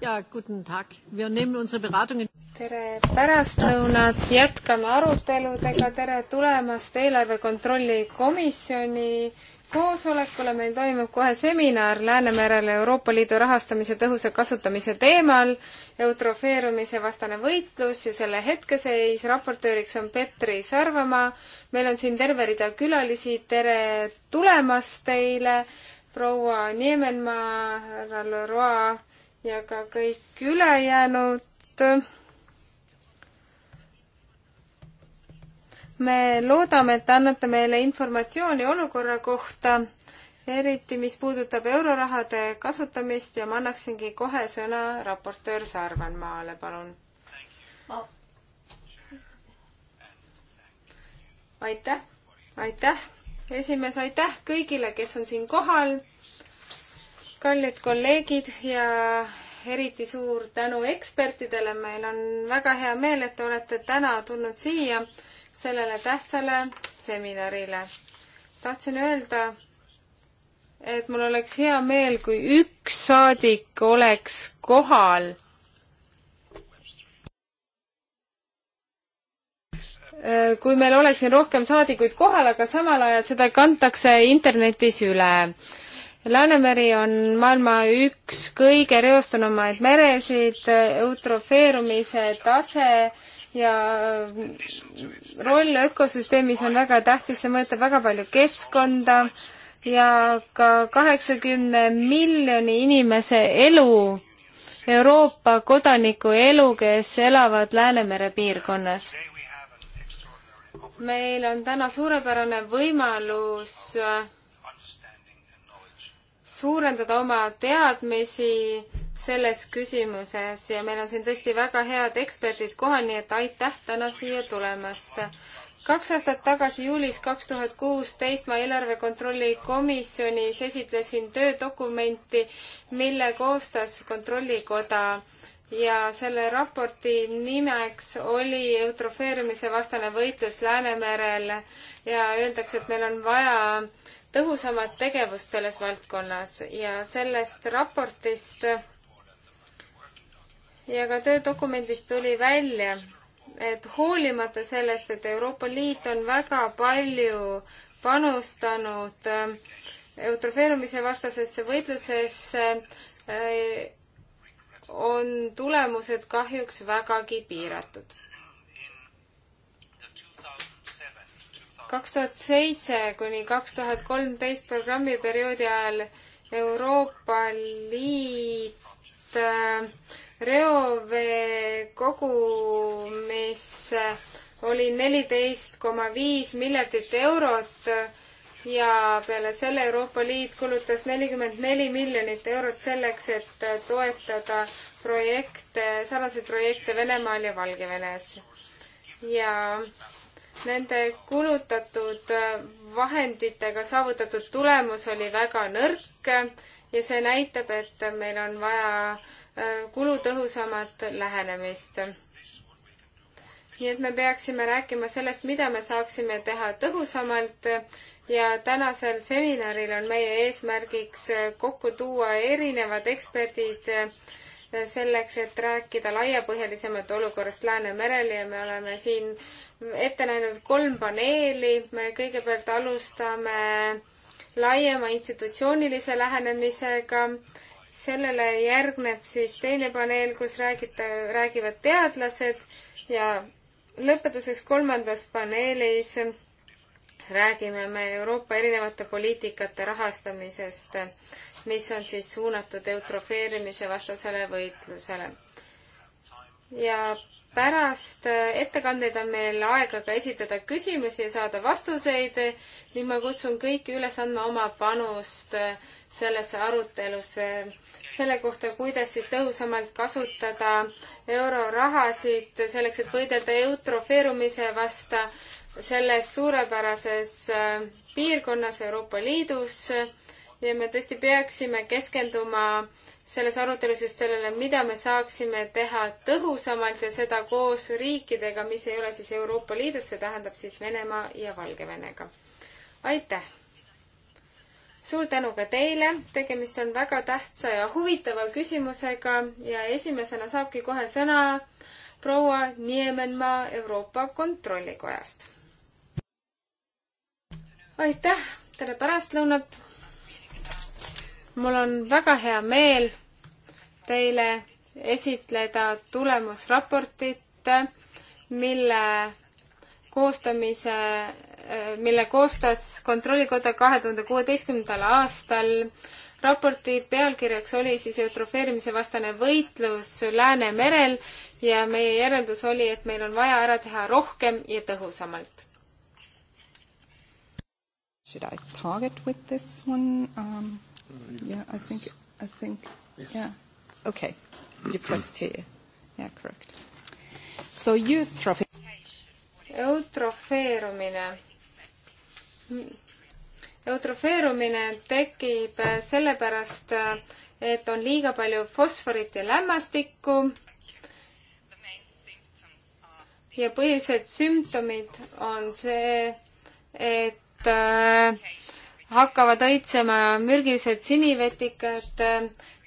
ja guten Tag, me neeme unsere Beratungen. tere pärastlõunat, jätkame aruteludega, tere tulemast eelarve kontrolli komisjoni koosolekule, meil toimub kohe seminar Läänemerel Euroopa Liidu rahastamise tõhusa kasutamise teemal, eutrofeerumise vastane võitlus ja selle hetkeseis, raportööriks on Petri Sarvamaa, meil on siin terve rida külalisi, tere tulemast teile, proua Niemenmaa, härra Leroy, ja ka kõik ülejäänud. me loodame, et te annate meile informatsiooni olukorra kohta, eriti mis puudutab eurorahade kasutamist ja ma annaksingi kohe sõna raportöör Sarvenmaale, palun oh.. aitäh, aitäh, esimees, aitäh kõigile, kes on siin kohal kallid kolleegid ja eriti suur tänu ekspertidele, meil on väga hea meel, et te olete täna tulnud siia sellele tähtsale seminarile. tahtsin öelda, et mul oleks hea meel, kui üks saadik oleks kohal kui meil oleks siin rohkem saadikuid kohal, aga samal ajal seda kantakse internetis üle. Läänemeri on maailma üks kõige reostunumaid meresid, eutrofeerumise tase ja roll ökosüsteemis on väga tähtis, see mõjutab väga palju keskkonda ja ka kaheksakümne miljoni inimese elu, Euroopa kodaniku elu, kes elavad Läänemere piirkonnas. meil on täna suurepärane võimalus äh, suurendada oma teadmisi selles küsimuses ja meil on siin tõesti väga head eksperdid kohal, nii et aitäh täna siia tulemast. kaks aastat tagasi, juulis kaks tuhat kuusteist, ma eelarvekontrolli komisjonis esitlesin töödokumenti, mille koostas Kontrollikoda ja selle raporti nimeks oli eutrofeerumise vastane võitlus Läänemerel ja öeldakse, et meil on vaja tõhusamat tegevust selles valdkonnas ja sellest raportist ja ka töödokumendist tuli välja, et hoolimata sellest, et Euroopa Liit on väga palju panustanud äh, eutrofeerumise vastasesse võitlusesse, äh, on tulemused kahjuks vägagi piiratud kaks tuhat seitse kuni kaks tuhat kolmteist programmiperioodi ajal Euroopa Liit äh, reoveekogumis äh, oli neliteist koma viis miljardit eurot äh, ja peale selle Euroopa Liit kulutas nelikümmend neli miljonit eurot selleks, et toetada projekte, sarnaseid projekte Venemaal ja Valgevenes. ja nende kulutatud äh, vahenditega saavutatud tulemus oli väga nõrk ja see näitab, et meil on vaja äh, kulutõhusamat lähenemist. nii et me peaksime rääkima sellest, mida me saaksime teha tõhusamalt ja tänasel seminaril on meie eesmärgiks äh, kokku tuua erinevad eksperdid, selleks, et rääkida laiapõhjalisemalt olukorrast Läänemerel ja me oleme siin ette näinud kolm paneeli. me kõigepealt alustame laiema institutsioonilise lähenemisega. sellele järgneb siis teine paneel, kus räägita, räägivad teadlased ja lõpetuseks kolmandas paneelis räägime me Euroopa erinevate poliitikate rahastamisest mis on siis suunatud eutrofeerimise vastasele võitlusele. ja pärast ettekandeid on meil aega ka esitada küsimusi ja saada vastuseid ning ma kutsun kõiki üles andma oma panust sellesse arutelusse selle kohta, kuidas siis tõhusamalt kasutada eurorahasid selleks, et võidelda eutrofeerumise vasta selles suurepärases piirkonnas Euroopa Liidus ja me tõesti peaksime keskenduma selles arutelus just sellele, mida me saaksime teha tõhusamalt ja seda koos riikidega, mis ei ole siis Euroopa Liidus, see tähendab siis Venemaa ja Valgevenega. aitäh! suur tänu ka teile, tegemist on väga tähtsa ja huvitava küsimusega ja esimesena saabki kohe sõna proua Niemenmaa Euroopa Kontrollikojast. aitäh, tere pärastlõunat! mul on väga hea meel teile esitleda tulemusraportit, mille koostamise, mille koostas Kontrollikoda kahe tuhande kuueteistkümnendal aastal. raporti pealkirjaks oli siis eutrofeerimise vastane võitlus Läänemerel ja meie järeldus oli, et meil on vaja ära teha rohkem ja tõhusamalt. Should I target with this one um...? Yeah, I think, I think, yes. yeah. Okay, you pressed here. Yeah, correct. So youth trafficking. eutrofeerumine. eutrofeerumine tekib äh, sellepärast, äh, et on liiga palju fosforit ja lämmastikku. ja põhilised sümptomid on see, et äh, hakkavad õitsema mürgised sinivetikad,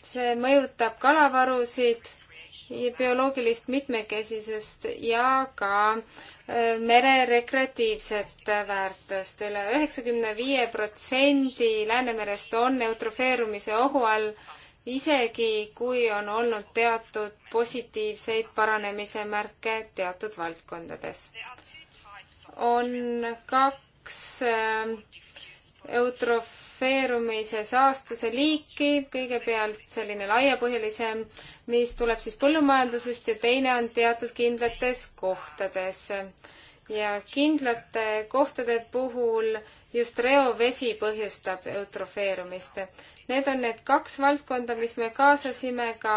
see mõjutab kalavarusid, bioloogilist mitmekesisust ja ka äh, mere rekreatiivset väärtust üle. üle üheksakümne viie protsendi Läänemerest on eutrofeerumise ohu all, isegi kui on olnud teatud positiivseid paranemise märke teatud valdkondades. on kaks äh, eutrofeerumise saastuse liiki, kõigepealt selline laiapõhjalisem, mis tuleb siis põllumajandusest ja teine on teatud kindlates kohtades. ja kindlate kohtade puhul just reovesi põhjustab eutrofeerumist. Need on need kaks valdkonda, mis me kaasasime ka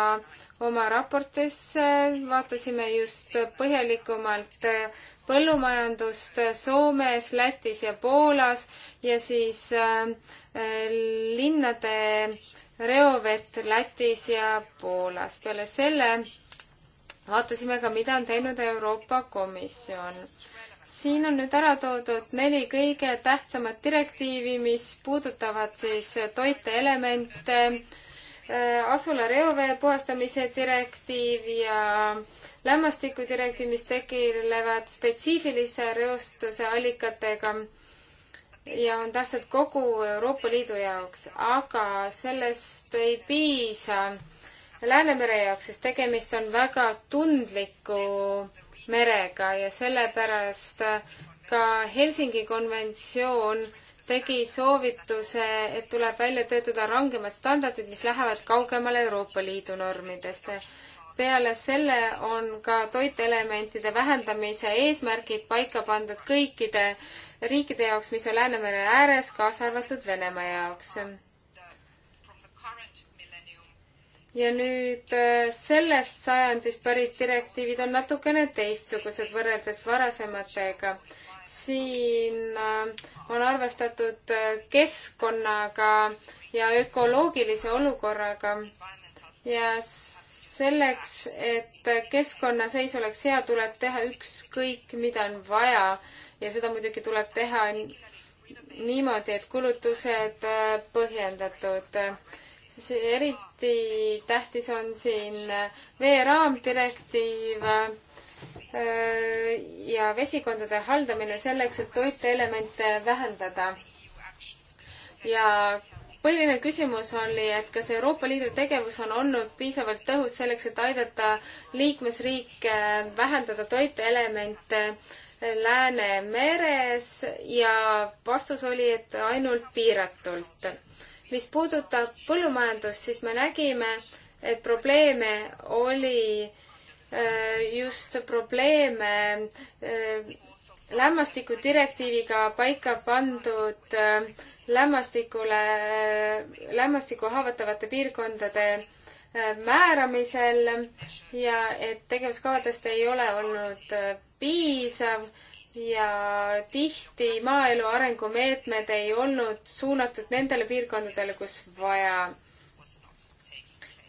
oma raportisse, vaatasime just põhjalikumalt põllumajandust Soomes, Lätis ja Poolas ja siis äh, linnade reovett Lätis ja Poolas. peale selle vaatasime ka, mida on teinud Euroopa Komisjon siin on nüüd ära toodud neli kõige tähtsamat direktiivi, mis puudutavad siis toiteelemente, äh, asula reovee puhastamise direktiiv ja lämmastikudirektiiv, mis tegelevad spetsiifilise reostuse allikatega ja on tähtsad kogu Euroopa Liidu jaoks, aga sellest ei piisa Läänemere jaoks, sest tegemist on väga tundliku merega ja sellepärast ka Helsingi konventsioon tegi soovituse, et tuleb välja töötada rangemad standardid, mis lähevad kaugemale Euroopa Liidu normidest. peale selle on ka toitelementide vähendamise eesmärgid paika pandud kõikide riikide jaoks, mis on Läänemere ääres, kaasa arvatud Venemaa jaoks ja nüüd äh, sellest sajandist pärit direktiivid on natukene teistsugused võrreldes varasematega. siin äh, on arvestatud äh, keskkonnaga ja ökoloogilise olukorraga ja selleks, et keskkonnaseis oleks hea, tuleb teha ükskõik, mida on vaja ja seda muidugi tuleb teha niimoodi, et kulutused põhjendatud see eriti tähtis on siin veeraamdirektiiv äh, ja vesikondade haldamine selleks, et toiteelemente vähendada. ja põhiline küsimus oli, et kas Euroopa Liidu tegevus on olnud piisavalt tõhus selleks, et aidata liikmesriike vähendada toiteelemente Läänemeres ja vastus oli, et ainult piiratult mis puudutab põllumajandust, siis me nägime, et probleeme oli äh, just probleeme äh, lämmastikudirektiiviga paika pandud äh, lämmastikule, lämmastiku haavatavate piirkondade määramisel ja et tegevuskavadest ei ole olnud piisav ja tihti maaelu arengumeetmed ei olnud suunatud nendele piirkondadele, kus vaja.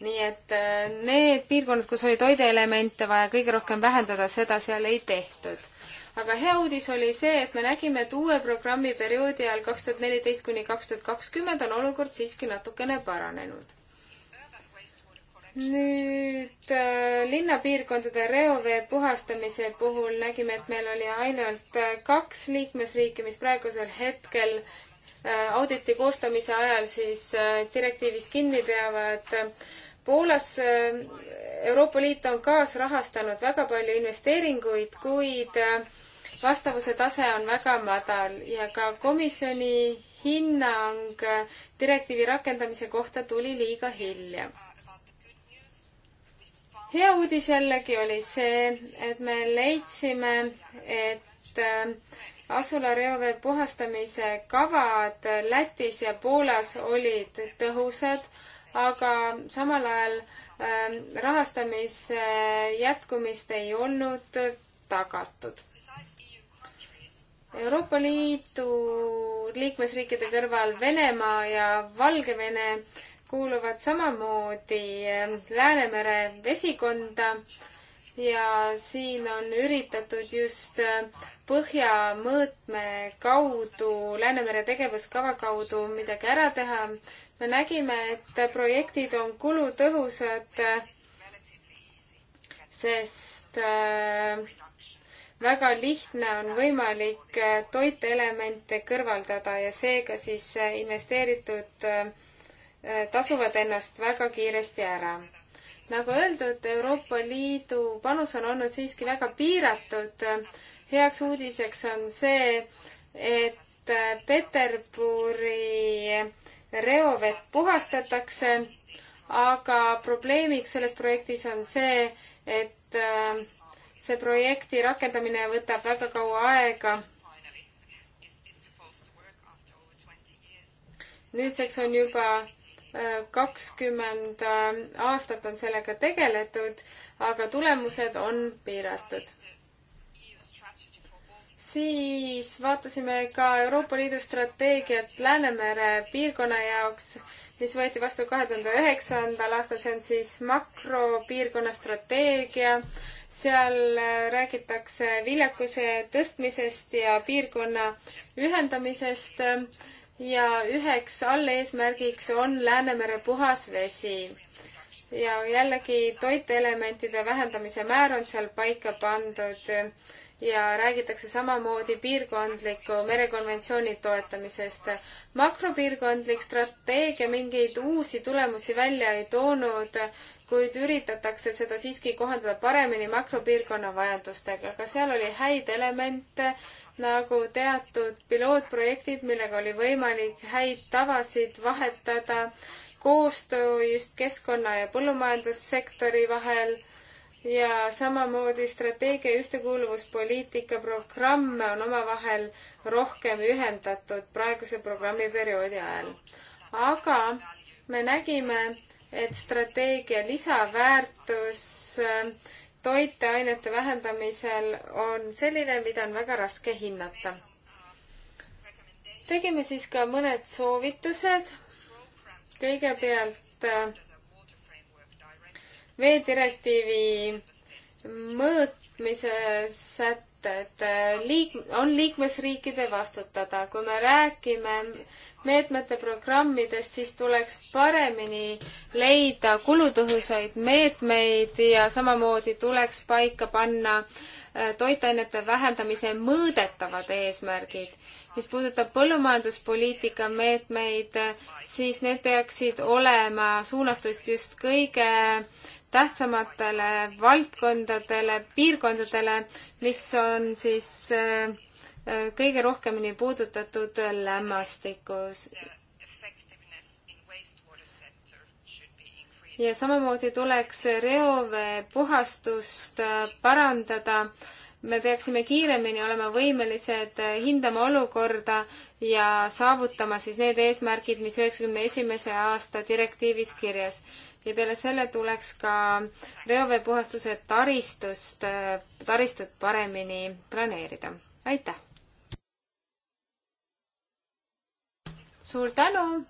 nii et äh, need piirkonnad, kus oli toideelemente vaja kõige rohkem vähendada, seda seal ei tehtud aga hea uudis oli see, et me nägime, et uue programmi perioodi ajal kaks tuhat neliteist kuni kaks tuhat kakskümmend on olukord siiski natukene paranenud nüüd äh, linnapiirkondade reovee puhastamise puhul nägime, et meil oli ainult äh, kaks liikmesriiki, mis praegusel hetkel äh, auditi koostamise ajal siis äh, direktiivist kinni peavad äh,. Poolas äh, Euroopa Liit on kaasrahastanud väga palju investeeringuid, kuid äh, vastavuse tase on väga madal ja ka komisjoni hinnang äh, direktiivi rakendamise kohta tuli liiga hilja hea uudis jällegi oli see, et me leidsime, et äh, asula reovee puhastamise kavad Lätis ja Poolas olid tõhusad, aga samal ajal äh, rahastamise jätkumist ei olnud tagatud Euroopa Liidu liikmesriikide kõrval Venemaa ja Valgevene kuuluvad samamoodi ähm, Läänemere vesikonda ja siin on üritatud just äh, põhjamõõtme kaudu, Läänemere tegevuskava kaudu midagi ära teha. me nägime, et projektid on kulutõhusad, sest äh, väga lihtne on võimalik äh, toiteelemente kõrvaldada ja seega siis investeeritud Äh, tasuvad ennast väga kiiresti ära. nagu öeldud, Euroopa Liidu panus on olnud siiski väga piiratud. heaks uudiseks on see, et äh, Peterburi reovett puhastatakse, aga probleemiks selles projektis on see, et äh, see projekti rakendamine võtab väga kaua aega nüüdseks on juba kakskümmend aastat on sellega tegeletud, aga tulemused on piiratud. siis vaatasime ka Euroopa Liidu strateegiat Läänemere piirkonna jaoks, mis võeti vastu kahe tuhande üheksandal aastal, see on siis makropiirkonna strateegia. seal räägitakse viljakuse tõstmisest ja piirkonna ühendamisest ja üheks alleesmärgiks on Läänemere puhas vesi. ja jällegi toitelementide vähendamise määr on seal paika pandud ja räägitakse samamoodi piirkondliku merekonventsiooni toetamisest. makropiirkondlik strateegia mingeid uusi tulemusi välja ei toonud, kuid üritatakse seda siiski kohandada paremini makropiirkonna vajadustega. ka seal oli häid elemente nagu teatud pilootprojektid, millega oli võimalik häid tavasid vahetada, koostöö just keskkonna ja põllumajandussektori vahel ja samamoodi strateegia ühtekuuluvuspoliitika programme on omavahel rohkem ühendatud praeguse programmiperioodi ajal. aga me nägime, et strateegia lisaväärtus toiteainete vähendamisel on selline, mida on väga raske hinnata. tegime siis ka mõned soovitused. kõigepealt äh, veedirektiivi mõõtmise sätte et, et äh, liik-, on liikmesriikide vastutada. kui me räägime meetmete programmidest, siis tuleks paremini leida kulutõhusaid meetmeid ja samamoodi tuleks paika panna äh, toitainete vähendamise mõõdetavad eesmärgid mis puudutab põllumajanduspoliitika meetmeid, siis need peaksid olema suunatud just kõige tähtsamatele valdkondadele, piirkondadele, mis on siis äh, äh, kõige rohkemini puudutatud lämmastikus. ja samamoodi tuleks reovee puhastust äh, parandada me peaksime kiiremini olema võimelised hindama olukorda ja saavutama siis need eesmärgid, mis üheksakümne esimese aasta direktiivis kirjas. ja peale selle tuleks ka reoveepuhastuse taristust, taristut paremini planeerida. aitäh! suur tänu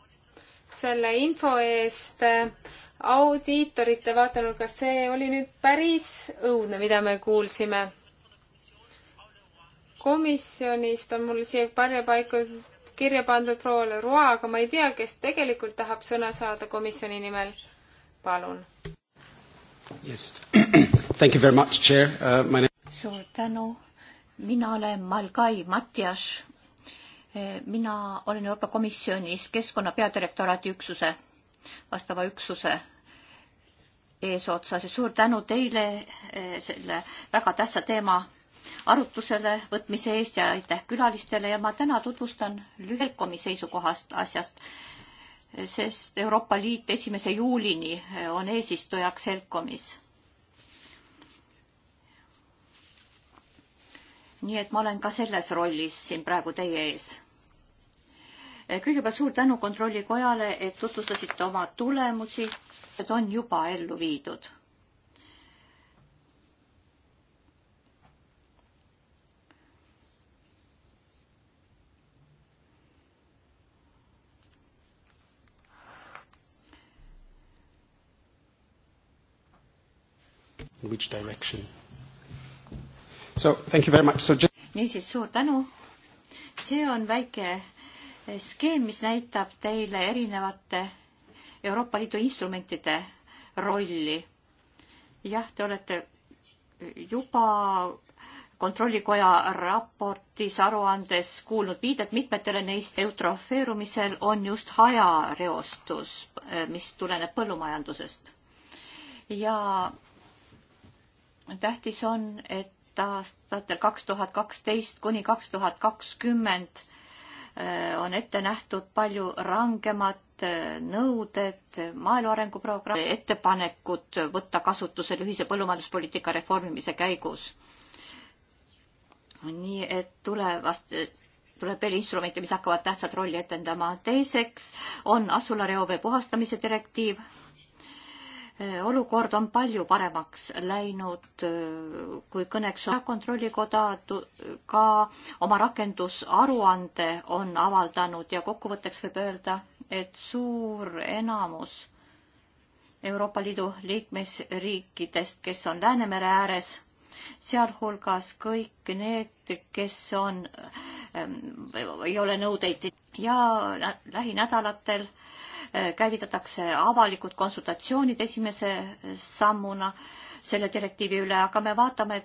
selle info eest audiitorite vaatenurgast, see oli nüüd päris õudne, mida me kuulsime komisjonist on mul siia varjupaiku kirja pandud proua Leroy, aga ma ei tea, kes tegelikult tahab sõna saada komisjoni nimel. palun. Yes. Thank you very much, chair uh,. My name. suur tänu. mina olen Malgai Matjas. Eh, mina olen Euroopa Komisjonis keskkonna peadirektoraadi üksuse, vastava üksuse eesotsas ja suur tänu teile eh, selle väga tähtsa teema arutusele võtmise eest ja aitäh külalistele ja ma täna tutvustan Lühelkomi seisukohast asjast, sest Euroopa Liit esimese juulini eh, on eesistujaks Helkomis. nii et ma olen ka selles rollis siin praegu teie ees eh, kõigepealt suur tänu Kontrollikojale, et tutvustasite oma tulemusi, need on juba ellu viidud in which direction. So thank you very much. So just... niisiis, suur tänu. see on väike skeem, mis näitab teile erinevate Euroopa Liidu instrumentide rolli. jah, te olete juba kontrollikoja raportis aruandes kuulnud viidet mitmetele neist eutrofeerumisel on just hajareostus, mis tuleneb põllumajandusest. ja tähtis on, et aastatel kaks tuhat kaksteist kuni kaks tuhat kakskümmend äh, on ette nähtud palju rangemad äh, nõuded maaelu arenguprogrammi ettepanekud võtta kasutusele ühise põllumajanduspoliitika reformimise käigus. nii et tulevast, tuleb veel instrumente, mis hakkavad tähtsat rolli etendama. teiseks on asulareovee puhastamise direktiiv Äh, olukord on palju paremaks läinud, äh, kui kõneks on kontrollikoda ka oma rakendusaruande on avaldanud ja kokkuvõtteks võib öelda, et suur enamus Euroopa Liidu liikmesriikidest, kes on Läänemere ääres, sealhulgas kõik need, kes on ähm,, ei ole nõudeid ja lähinädalatel äh, Äh, käivitatakse avalikud konsultatsioonid esimese sammuna selle direktiivi üle, aga me vaatame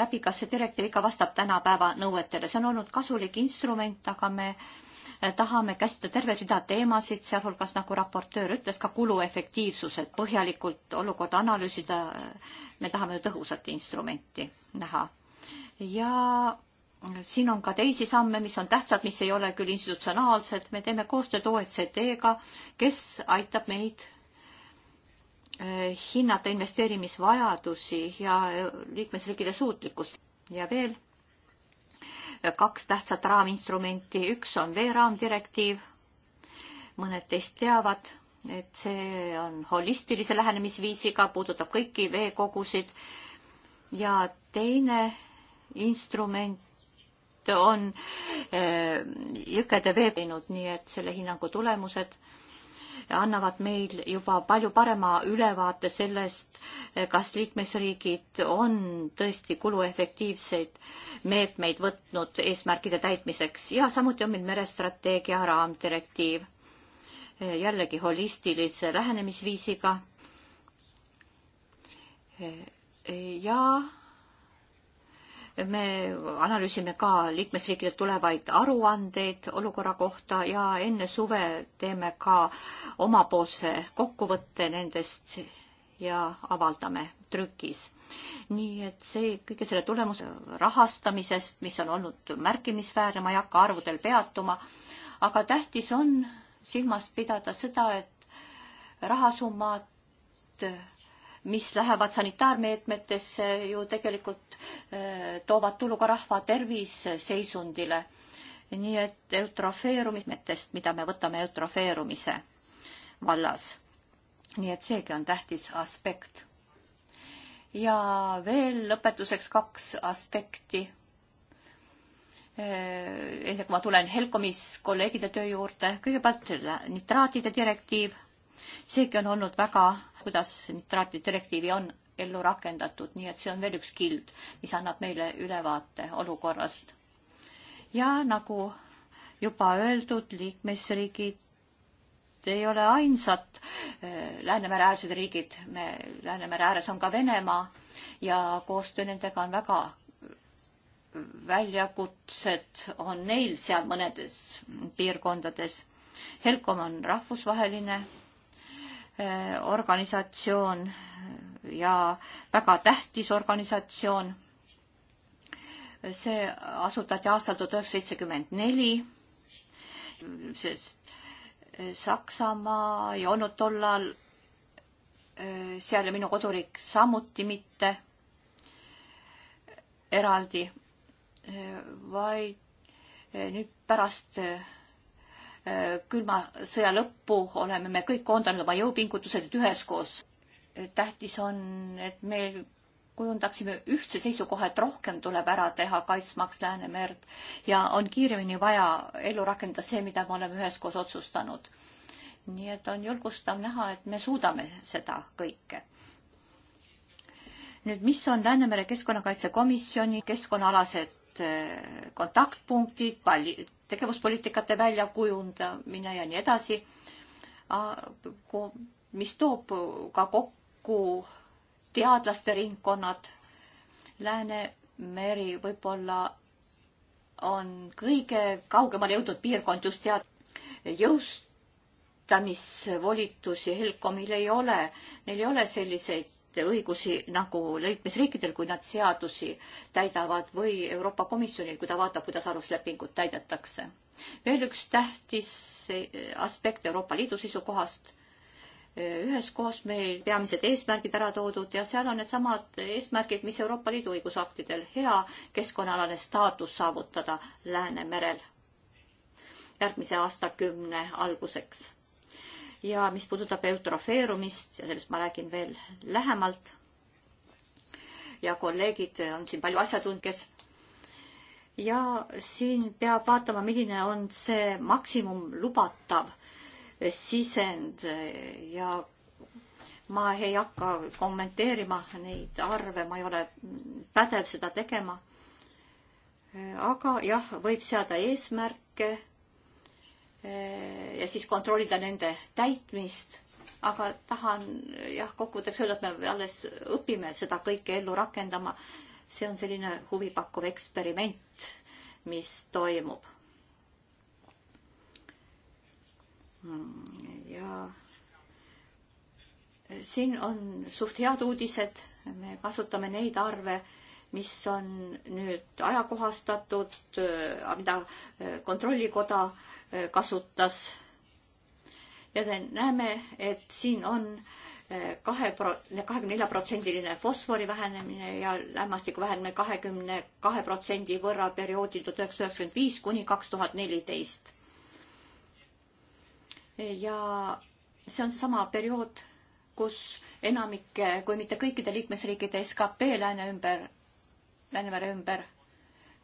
läbi, kas see direktiiv ikka vastab tänapäeva nõuetele. see on olnud kasulik instrument, aga me äh, tahame käsitleda terve rida teemasid, sealhulgas nagu raportöör ütles, ka kuluefektiivsus, et põhjalikult olukorda analüüsida. me tahame ju tõhusat instrumenti näha. ja siin on ka teisi samme, mis on tähtsad, mis ei ole küll institutsionaalsed, me teeme koostööd OECD-ga, kes aitab meid eh, hinnata investeerimisvajadusi ja eh, liikmesriikide suutlikkust. ja veel eh, kaks tähtsat raaminstrumenti, üks on veeraamdirektiiv, mõned teist teavad, et see on holistilise lähenemisviisiga, puudutab kõiki veekogusid ja teine instrument Liit on eh, jõgede vee teinud, nii et selle hinnangu tulemused annavad meil juba palju parema ülevaate sellest, kas liikmesriigid on tõesti kuluefektiivseid meetmeid võtnud eesmärkide täitmiseks ja samuti on meil merestrateegia raamdirektiiv eh, jällegi holistilise lähenemisviisiga. Eh, ja me analüüsime ka liikmesriikidelt tulevaid aruandeid olukorra kohta ja enne suve teeme ka omapoolse kokkuvõtte nendest ja avaldame trükis. nii et see, kõige selle tulemus rahastamisest, mis on olnud märkimisväärne, ma ei hakka arvudel peatuma, aga tähtis on silmas pidada seda, et rahasummad mis lähevad sanitaarmeetmetesse, ju tegelikult eh, toovad tulu ka rahva terviseseisundile. nii et eutrofeerumismetest, mida me võtame eutrofeerumise vallas. nii et seegi on tähtis aspekt. ja veel lõpetuseks kaks aspekti eh, enne kui ma tulen Helcomis kolleegide töö juurde, kõigepealt nitraatide direktiiv, seegi on olnud väga kuidas nitraati direktiivi on ellu rakendatud, nii et see on veel üks kild, mis annab meile ülevaate olukorrast. ja nagu juba öeldud, liikmesriigid ei ole ainsad eh, Läänemere äärsed riigid, me Läänemere ääres on ka Venemaa ja koostöö nendega on väga väljakutsed on neil seal mõnedes piirkondades. Helcom on rahvusvaheline Eh, organisatsioon ja väga tähtis organisatsioon. see asutati aastal tuhat üheksasada seitsekümmend neli, sest eh, Saksamaa ei olnud tollal eh, seal ja minu koduriik samuti mitte eraldi, vaid nüüd pärast külma sõja lõppu oleme me kõik koondanud oma jõupingutused, et üheskoos. tähtis on, et me kujundaksime ühtse seisukoha, et rohkem tuleb ära teha, kaitsmaks Läänemerd ja on kiiremini vaja ellu rakendada see, mida me oleme üheskoos otsustanud. nii et on julgustav näha, et me suudame seda kõike nüüd, mis on Läänemere Keskkonnakaitsekomisjoni keskkonnaalased eh, kontaktpunktid, pali-, tegevuspoliitikate väljakujundamine ja nii edasi, mis toob ka kokku teadlaste ringkonnad. Läänemeri võib-olla on kõige kaugemale jõudnud piirkond just tead-, jõust-, toetamisvolitusi Helcomil ei ole, neil ei ole selliseid õigusi nagu liikmesriikidel, kui nad seadusi täidavad või Euroopa Komisjonil, kui ta vaatab, kuidas aluslepingut täidetakse. veel üks tähtis aspekt Euroopa Liidu seisukohast. üheskoos meil peamised eesmärgid ära toodud ja seal on needsamad eesmärgid, mis Euroopa Liidu õigusaktidel hea keskkonnaalane staatus saavutada Läänemerel järgmise aastakümne alguseks ja mis puudutab eutrofeerumist ja sellest ma räägin veel lähemalt. ja kolleegid on siin palju asjatundjad, kes ja siin peab vaatama, milline on see maksimum lubatav sisend ja ma ei hakka kommenteerima neid arve, ma ei ole pädev seda tegema. aga jah, võib seada eesmärke Äh, ja siis kontrollida nende täitmist. aga tahan jah, kokkuvõtteks öelda, et me alles õpime seda kõike ellu rakendama. see on selline huvipakkuv eksperiment, mis toimub. Mm, ja siin on suht head uudised, me kasutame neid arve, mis on nüüd ajakohastatud, äh, mida äh, kontrollikoda äh, kasutas. ja me näeme, et siin on eh, kahe pro-, kahekümne nelja protsendiline fosfori vähenemine ja lämmastiku vähenemine kahekümne kahe protsendi võrra perioodil tuhat üheksasada üheksakümmend viis kuni kaks tuhat neliteist. ja see on sama periood, kus enamike, kui mitte kõikide liikmesriikide skp lääne ümber, Läänemere ümber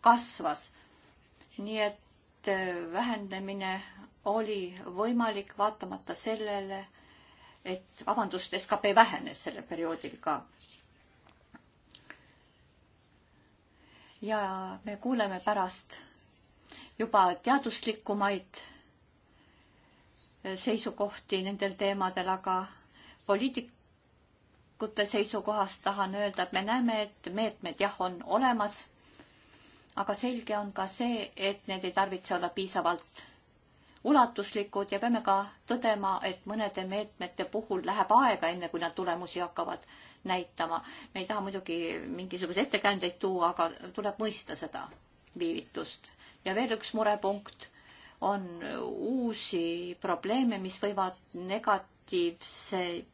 kasvas. nii et vähendamine oli võimalik vaatamata sellele, et vabandust, skp vähenes sellel perioodil ka. ja me kuuleme pärast juba teaduslikumaid seisukohti nendel teemadel, aga poliitikute seisukohast tahan öelda, et me näeme, et meetmed jah, on olemas aga selge on ka see, et need ei tarvitse olla piisavalt ulatuslikud ja peame ka tõdema, et mõnede meetmete puhul läheb aega, enne kui nad tulemusi hakkavad näitama. me ei taha muidugi mingisuguseid ettekäändeid tuua, aga tuleb mõista seda viivitust. ja veel üks murepunkt on uusi probleeme, mis võivad negatiivseid,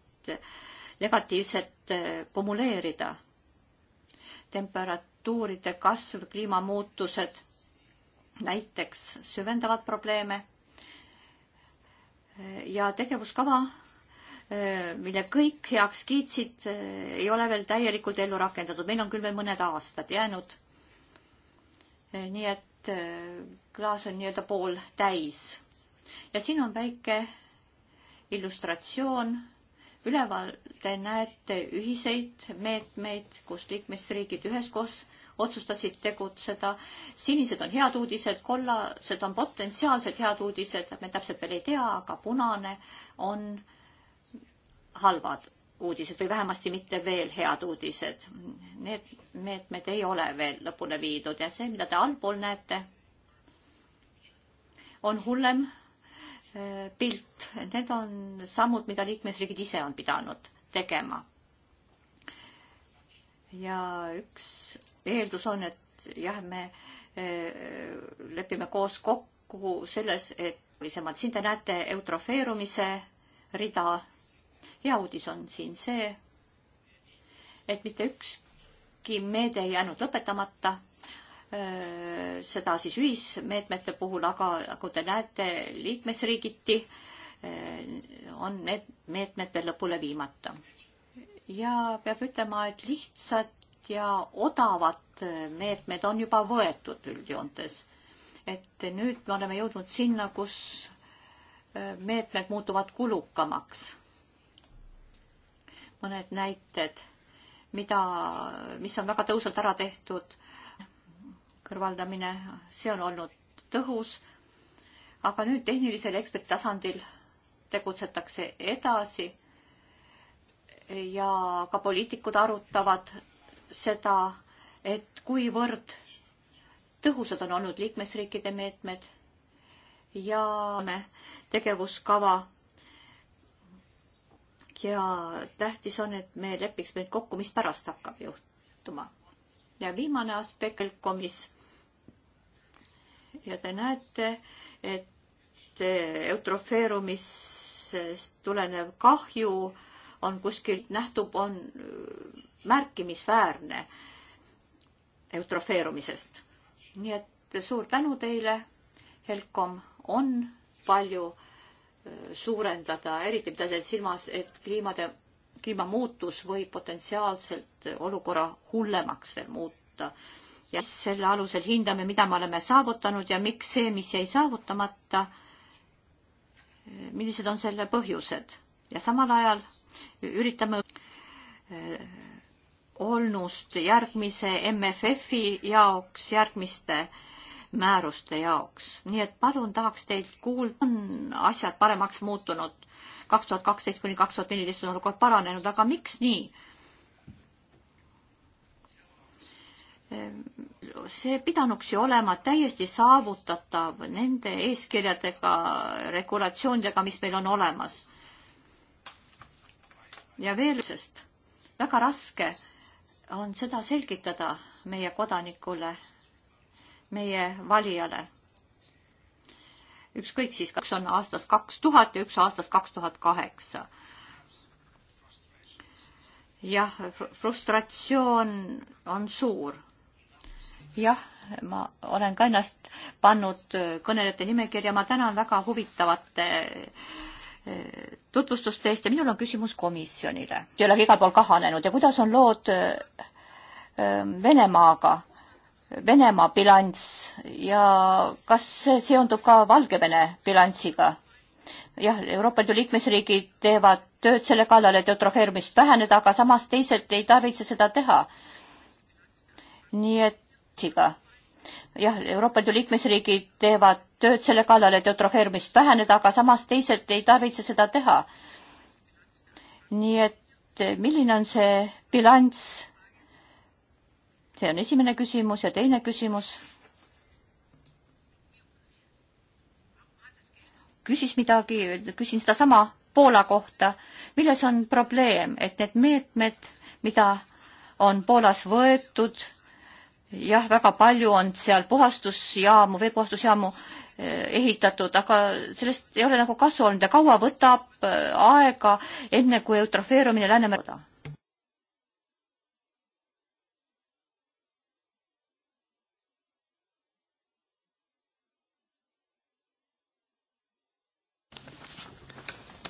negatiivset eh, kumuleerida temperatuuride kasv, kliimamuutused näiteks süvendavad probleeme. ja tegevuskava, mille kõik heaks kiitsid, ei ole veel täielikult ellu rakendatud, meil on küll veel mõned aastad jäänud. nii et klaas on nii-öelda pooltäis. ja siin on väike illustratsioon üleval te näete ühiseid meetmeid, kus liikmesriigid üheskoos otsustasid tegutseda. sinised on head uudised, kollased on potentsiaalsed head uudised, me täpselt veel ei tea, aga punane on halvad uudised või vähemasti mitte veel head uudised. Need meetmed ei ole veel lõpule viidud ja see, mida te allpool näete, on hullem pilt. Need on sammud, mida liikmesriigid ise on pidanud tegema. ja üks eeldus on, et jah, me eh, lepime koos kokku selles, et olulisemad. siin te näete eutrofeerumise rida. hea uudis on siin see, et mitte ükski meede ei jäänud lõpetamata, Äh, seda siis ühismeetmete puhul, aga nagu te näete, liikmesriigiti äh, on need meetmed veel lõpule viimata. ja peab ütlema, et lihtsad ja odavad meetmed on juba võetud üldjoontes. et nüüd me oleme jõudnud sinna, kus äh, meetmed muutuvad kulukamaks. mõned näited, mida, mis on väga tõhusalt ära tehtud kõrvaldamine, see on olnud tõhus. aga nüüd tehnilisel eksperti tasandil tegutsetakse edasi. ja ka poliitikud arutavad seda, et kuivõrd tõhusad on olnud liikmesriikide meetmed ja tegevuskava ja tähtis on, et me lepiks meid kokku, mis pärast hakkab juhtuma. ja viimane aspekt, komis ja te näete, et eutrofeerumisest tulenev kahju on kuskilt nähtub, on märkimisväärne eutrofeerumisest. nii et suur tänu teile. Helcom on palju äh, suurendada, eriti pidades silmas, et kliimade, kliimamuutus võib potentsiaalselt olukorra hullemaks veel muuta ja selle alusel hindame, mida me oleme saavutanud ja miks see, mis jäi saavutamata, millised on selle põhjused ja samal ajal üritame eh, olnust järgmise MFF-i jaoks, järgmiste määruste jaoks. nii et palun tahaks teilt kuulda, on asjad paremaks muutunud. kaks tuhat kaksteist kuni kaks tuhat neliteist on olukord paranenud, aga miks nii? see pidanuks ju olema täiesti saavutatav nende eeskirjadega, regulatsioonidega, mis meil on olemas. ja veel, sest väga raske on seda selgitada meie kodanikule, meie valijale. ükskõik siis, kas on aastast kaks tuhat ja üks aastast kaks tuhat kaheksa jah, frustratsioon on suur jah, ma olen ka ennast pannud kõnelejate nimekirja, ma tänan väga huvitavate eh, tutvustuste eest ja minul on küsimus komisjonile. Te olete igal pool kahanenud ja kuidas on lood eh, Venemaaga, Venemaa bilanss ja kas see seondub ka Valgevene bilansiga? jah, Euroopa Liidu liikmesriigid teevad tööd selle kallal, et eutrofeerumist väheneda, aga samas teised ei tarvitse seda teha. nii et paketiga. jah, Euroopa Liidu liikmesriigid teevad tööd selle kallal, et eutrofeerumist väheneda, aga samas teised ei tarvitse seda teha. nii et eh, milline on see bilanss? see on esimene küsimus ja teine küsimus. küsis midagi, küsin sedasama Poola kohta. milles on probleem, et need meetmed, mida on Poolas võetud, jah, väga palju on seal puhastusjaamu, veepuhastusjaamu eh, ehitatud, aga sellest ei ole nagu kasu olnud ja kaua võtab eh, aega, enne kui eutrofeerumine Läänemerel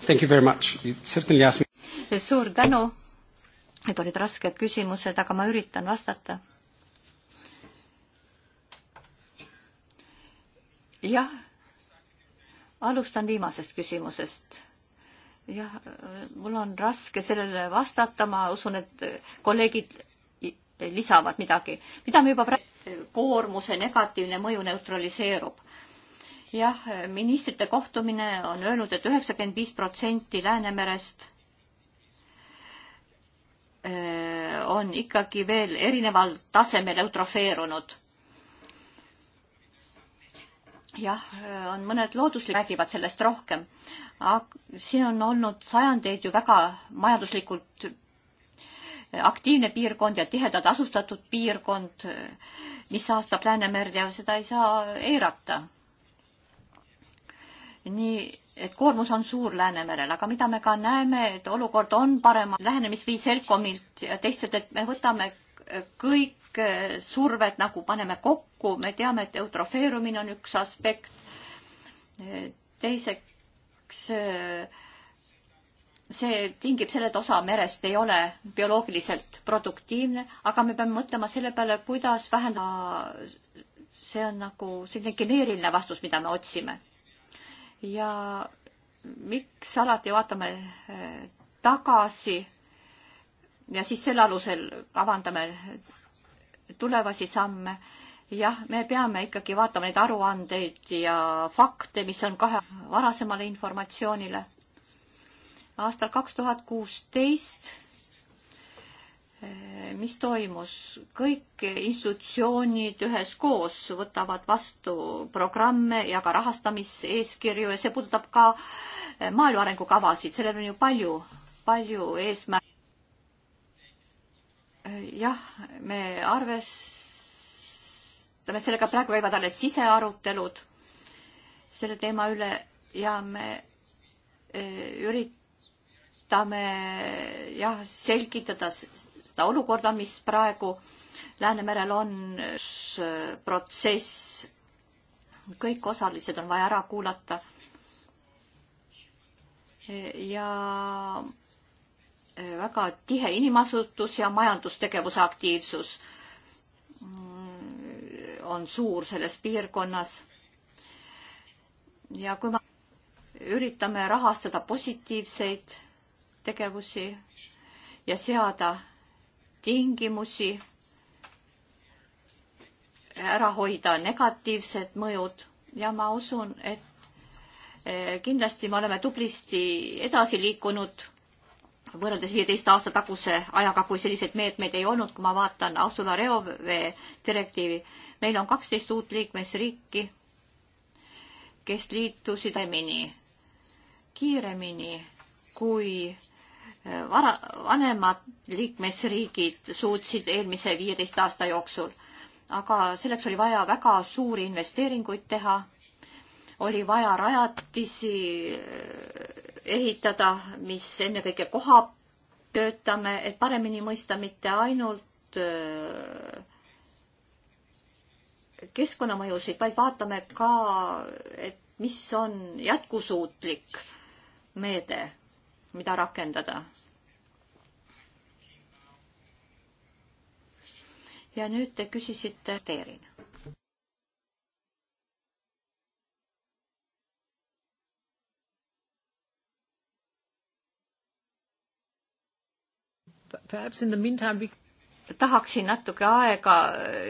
Thank you very much. You certainly asked me. suur tänu. Need olid rasked küsimused, aga ma üritan vastata jah, alustan viimasest küsimusest. jah, mul on raske sellele vastata, ma usun, et kolleegid lisavad midagi, mida me juba praegu, koormuse negatiivne mõju neutraliseerub jah, ministrite kohtumine on öelnud et, et üheksakümmend viis protsenti Läänemerest äh, on ikkagi veel erineval tasemel eutrofeerunud jah, on mõned looduslik-, räägivad sellest rohkem. siin on olnud sajandeid ju väga majanduslikult eh, aktiivne piirkond ja tihedalt asustatud piirkond, eh, mis saastab Läänemerd ja seda ei saa eirata. nii et koormus on suur Läänemerel, aga mida me ka näeme, et olukord on parem, lähenemisviis Helcomilt ja teistelt, et me võtame eh, kõik Eh, survet nagu paneme kokku, me teame, et eutrofeerumine on üks aspekt. Eh, teiseks, eh, see tingib selle, et osa merest ei ole bioloogiliselt produktiivne, aga me peame mõtlema selle peale, kuidas vähendada. see on nagu selline geneeriline vastus, mida me otsime. ja miks alati vaatame tagasi ja siis selle alusel avandame tulevasi samme. jah, me peame ikkagi vaatama neid aruandeid ja fakte, mis on kahe varasemale informatsioonile. aastal kaks tuhat kuusteist eh, mis toimus? kõik institutsioonid üheskoos võtavad vastu programme ja ka rahastamiseeskirju ja see puudutab ka eh, maaelu arengukavasid, sellel on ju palju, palju eesmärke jah, me arvestame sellega, praegu käivad alles sisearutelud selle teema üle ja me e, üritame jah, selgitada seda olukorda, mis praegu Läänemerel on protsess. kõik osalised on vaja ära kuulata. E, ja väga tihe inimasutus ja majandustegevuse aktiivsus mm, on suur selles piirkonnas. ja kui me üritame rahastada positiivseid tegevusi ja seada tingimusi, ära hoida negatiivsed mõjud ja ma usun, et eh, kindlasti me oleme tublisti edasi liikunud võrreldes viieteist aasta taguse ajaga, kui selliseid meetmeid ei olnud, kui ma vaatan Ausula reovee direktiivi, meil on kaksteist uut liikmesriiki, kes liitusid kiiremini, kiiremini kui eh, vara, vanemad liikmesriigid suutsid eelmise viieteist aasta jooksul. aga selleks oli vaja väga suuri investeeringuid teha, oli vaja rajatisi eh, ehitada, mis ennekõike koha töötame, et paremini mõista mitte ainult äh, keskkonnamõjusid, vaid vaatame ka, et mis on jätkusuutlik meede, mida rakendada. ja nüüd te küsisite, teerin Perhaps in the meantime we tahaksin natuke aega,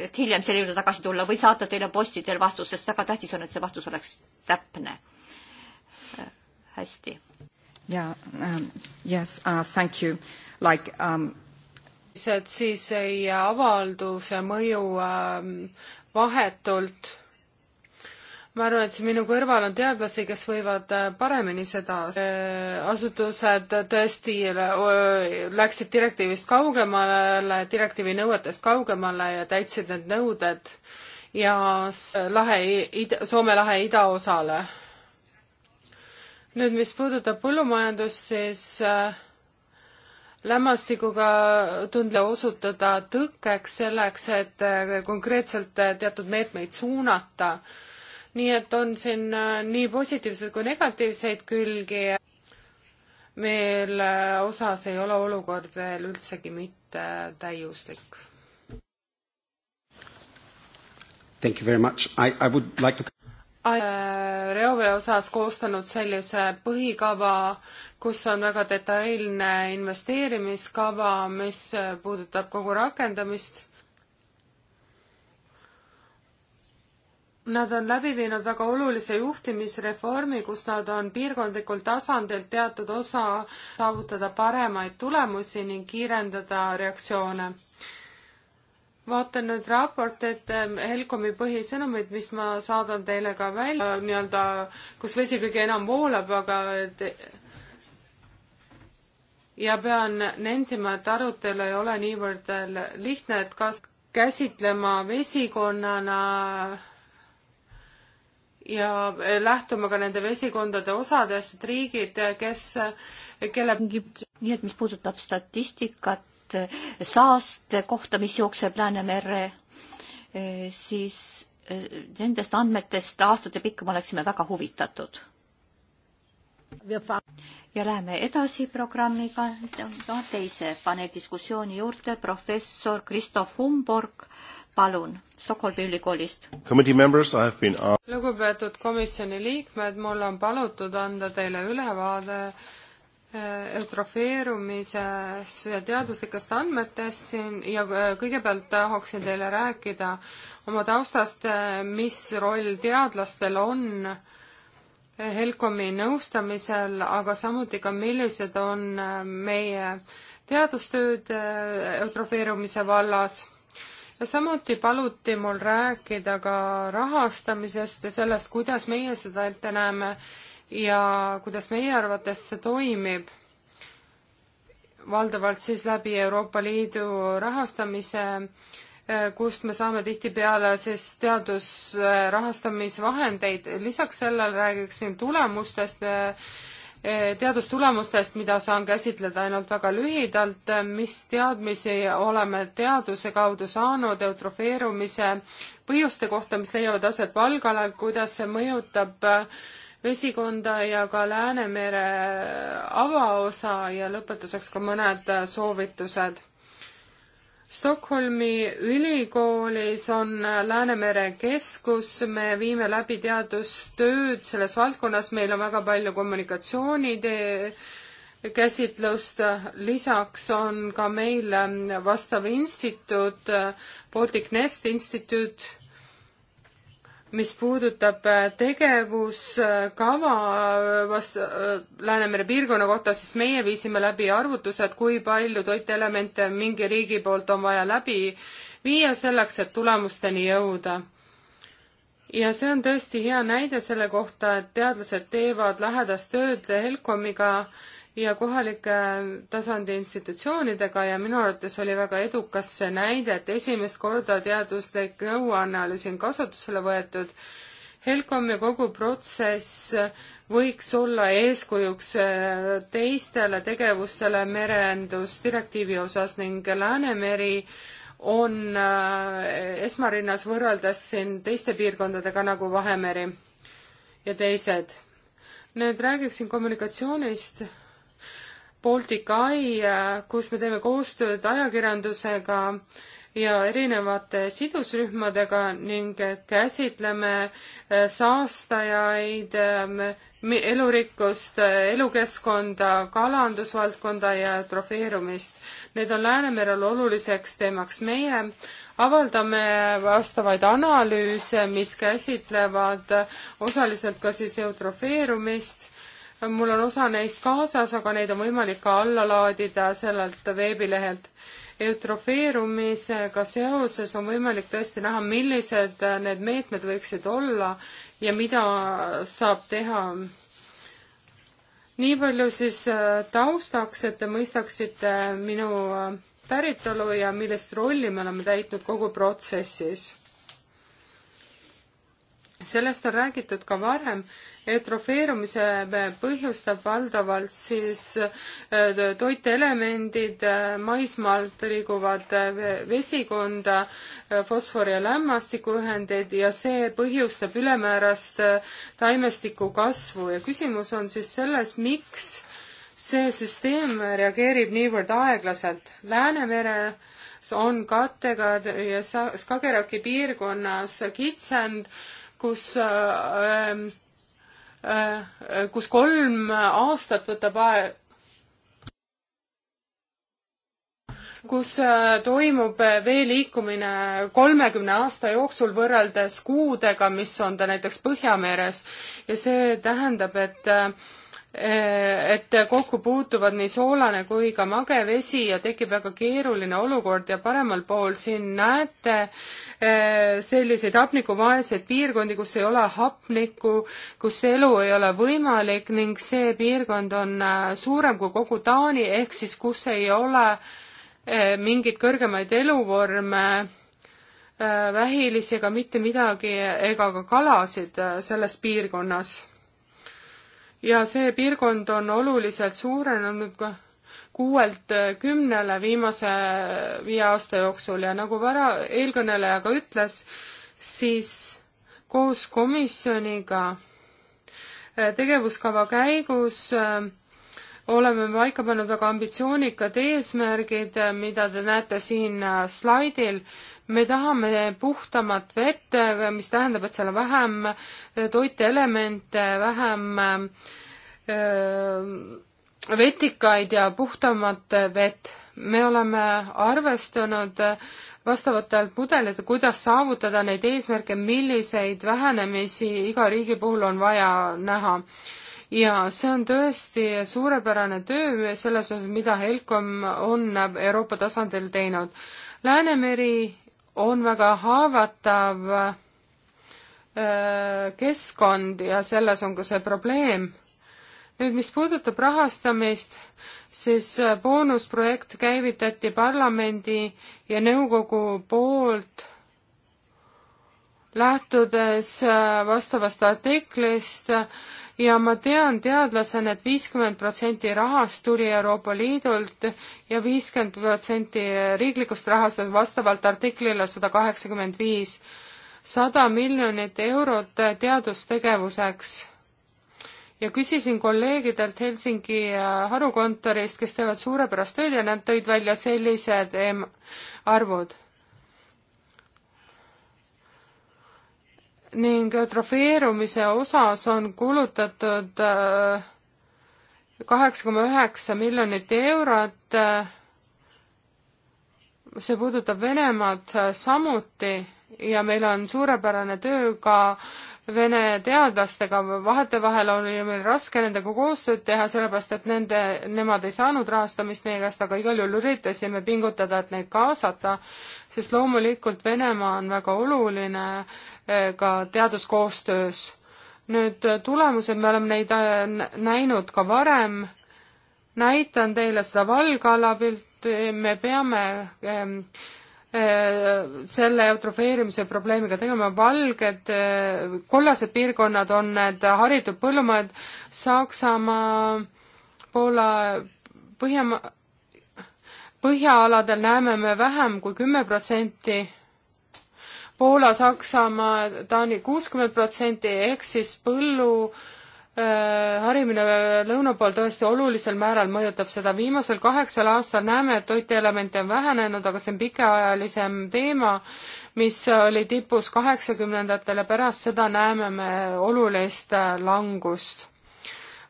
et hiljem selle juurde tagasi tulla või saata teile posti teel vastus, sest väga tähtis on, et see vastus oleks täpne. hästi. ja yeah, um,, yes uh,, thank you, like um.... siis ei avaldu see mõju um, vahetult ma arvan, et siin minu kõrval on teadlasi, kes võivad äh, paremini seda, äh, asutused tõesti äh, läksid direktiivist kaugemale, direktiivi nõuetest kaugemale ja täitsid need nõuded ja lahe, Soome lahe idaosale. nüüd, mis puudutab põllumajandust, siis lämmastikuga tundle osutada tõkkeks selleks, et konkreetselt teatud meetmeid suunata nii et on siin äh, nii positiivseid kui negatiivseid külgi. mille äh, osas ei ole olukord veel üldsegi mitte täiuslik. Thank you very much, I, I would like to äh, reovee osas koostanud sellise põhikava, kus on väga detailne investeerimiskava, mis puudutab kogu rakendamist Nad on läbi viinud väga olulise juhtimisreformi, kus nad on piirkondlikul tasandil teatud osa saavutada paremaid tulemusi ning kiirendada reaktsioone. vaatan nüüd raportit, Helcomi põhisõnumid, mis ma saadan teile ka välja nii-öelda, kus vesi kõige enam voolab, aga te... ja pean nentima, et arutelu ei ole niivõrd lihtne, et kas käsitlema vesikonnana ja lähtuma ka nende vesikondade osadest, et riigid, kes, kelle nii et mis puudutab statistikat saaste kohta, mis jookseb Läänemerre, siis eh, nendest andmetest aastate pikka me oleksime väga huvitatud. ja läheme edasi programmiga no, teise paneeldiskussiooni juurde, professor Kristof Humborg palun, Stockholmi ülikoolist. Been... lugupeetud komisjoni liikmed, mul on palutud anda teile ülevaade eh, eutrofeerumises teaduslikest andmetest siin ja eh, kõigepealt tahaksin teile rääkida oma taustast, eh, mis roll teadlastel on HELCOM-i nõustamisel, aga samuti ka millised on meie teadustööd eutrofeerumise vallas samuti paluti mul rääkida ka rahastamisest ja sellest, kuidas meie seda ette näeme ja kuidas meie arvates see toimib. valdavalt siis läbi Euroopa Liidu rahastamise, eh, kust me saame tihtipeale siis teadusrahastamisvahendeid, eh, lisaks sellele räägiksin tulemustest, eh, teadustulemustest, mida saan käsitleda ainult väga lühidalt, mis teadmisi oleme teaduse kaudu saanud eutrofeerumise põhjuste kohta, mis leiavad aset Valgalal, kuidas see mõjutab äh, vesikonda ja ka Läänemere avaosa ja lõpetuseks ka mõned äh, soovitused Stockholmi ülikoolis on Läänemere keskus, me viime läbi teadustööd selles valdkonnas, meil on väga palju kommunikatsioonitee käsitlust, lisaks on ka meil vastav instituut, Baltic Nest Institute mis puudutab äh, tegevuskava äh, äh, Läänemere piirkonna kohta, siis meie viisime läbi arvutused, kui palju toiteelemente mingi riigi poolt on vaja läbi viia selleks, et tulemusteni jõuda. ja see on tõesti hea näide selle kohta, et teadlased teevad lähedast tööd HELCOM-iga äh, ja kohalike tasandi institutsioonidega ja minu arvates oli väga edukas see näide, et esimest korda teaduslik nõuanne oli siin kasutusele võetud. Helcom ja kogu protsess võiks olla eeskujuks äh, teistele tegevustele merendusdirektiivi osas ning Läänemeri on äh, esmarinnas võrreldes siin teiste piirkondadega nagu Vahemeri ja teised. nüüd räägiksin kommunikatsioonist Baltic Eye, äh, kus me teeme koostööd ajakirjandusega ja erinevate sidusrühmadega ning käsitleme äh, saastajaid, ähm, elurikkust, äh, elukeskkonda, kalandusvaldkonda ja trofeerumist. Need on Läänemerel oluliseks teemaks meie. avaldame vastavaid analüüse, mis käsitlevad osaliselt ka siis eutrofeerumist mul on osa neist kaasas, aga neid on võimalik ka alla laadida sellelt veebilehelt. eutrofeerumisega seoses on võimalik tõesti näha, millised need meetmed võiksid olla ja mida saab teha. nii palju siis äh, taustaks, et te mõistaksite minu äh, päritolu ja millist rolli me oleme täitnud kogu protsessis sellest on räägitud ka varem, eutrofeerumise põhjustab valdavalt siis äh, toitelemendid, äh, maismaalt liiguvad äh, vesikonda, fosfori ja lämmastikuühendeid ja see põhjustab ülemäärast taimestiku kasvu ja küsimus on siis selles, miks see süsteem reageerib niivõrd aeglaselt. Läänemere on kattega ja Skagerraki piirkonnas kitsend kus äh, äh, kus kolm aastat võtab aeg, kus äh, toimub veeliikumine kolmekümne aasta jooksul võrreldes kuudega, mis on ta näiteks Põhjameres ja see tähendab, et äh, Äh, et kokku puutuvad nii soolane kui ka magevesi ja tekib väga keeruline olukord ja paremal pool siin näete äh, selliseid hapnikuvaeseid piirkondi, kus ei ole hapnikku, kus elu ei ole võimalik ning see piirkond on äh, suurem kui kogu Taani, ehk siis kus ei ole mingeid kõrgemaid eluvorme, vähilisi ega mitte midagi ega ka kalasid selles piirkonnas ja see piirkond on oluliselt suurenenud kuuelt kümnele viimase viie aasta jooksul ja nagu vara, eelkõneleja ka ütles, siis koos komisjoniga eh, tegevuskava käigus eh, oleme paika pannud väga ambitsioonikad eesmärgid, eh, mida te näete siin slaidil me tahame puhtamat vett, mis tähendab, et seal on vähem eh, toiteelemente, vähem eh, vetikaid ja puhtamat vett. me oleme arvestanud eh, vastavatelt mudelid, kuidas saavutada neid eesmärke, milliseid vähenemisi iga riigi puhul on vaja näha. ja see on tõesti suurepärane töö selles osas, mida Helcom on Euroopa tasandil teinud. Läänemeri on väga haavatav äh, keskkond ja selles on ka see probleem. nüüd, mis puudutab rahastamist, siis äh, boonusprojekt käivitati parlamendi ja nõukogu poolt lähtudes äh, vastavast artiklist ja ma tean teadlasena et, et viiskümmend protsenti rahast tuli Euroopa Liidult ja viiskümmend protsenti riiklikust rahast vastavalt artiklile sada kaheksakümmend viis. sada miljonit eurot teadustegevuseks ja küsisin kolleegidelt Helsingi äh, harukontorist, kes teevad suurepärast tööd ja nad tõid välja sellised ähm, arvud ning trofeerumise osas on kulutatud äh, kaheksa koma üheksa miljonit eurot. Äh, see puudutab Venemaad äh, samuti ja meil on suurepärane töö ka Vene teadlastega, vahetevahel oli meil raske nendega koostööd teha, sellepärast et nende, nemad ei saanud rahastamist meie käest, aga igal juhul üritasime pingutada, et neid kaasata, sest loomulikult Venemaa on väga oluline äh, Äh, ka teaduskoostöös. nüüd äh, tulemused, me oleme neid äh, näinud ka varem, näitan teile seda valgala pilti, me peame ähm, selle eutrofeerimise probleemiga tegema, valged, kollased piirkonnad on need haritud põllumaad, Saksamaa, Poola, Põhjamaa, põhjaaladel näeme me vähem kui kümme protsenti Poola, Saksamaa, Taani kuuskümmend protsenti, ehk siis põllu äh, harimine äh, lõuna pool tõesti olulisel määral mõjutab seda. viimasel kaheksal aastal näeme, et toiteelemente on vähenenud, aga see on pikaajalisem teema, mis oli tipus kaheksakümnendatel ja pärast seda näeme me olulist äh, langust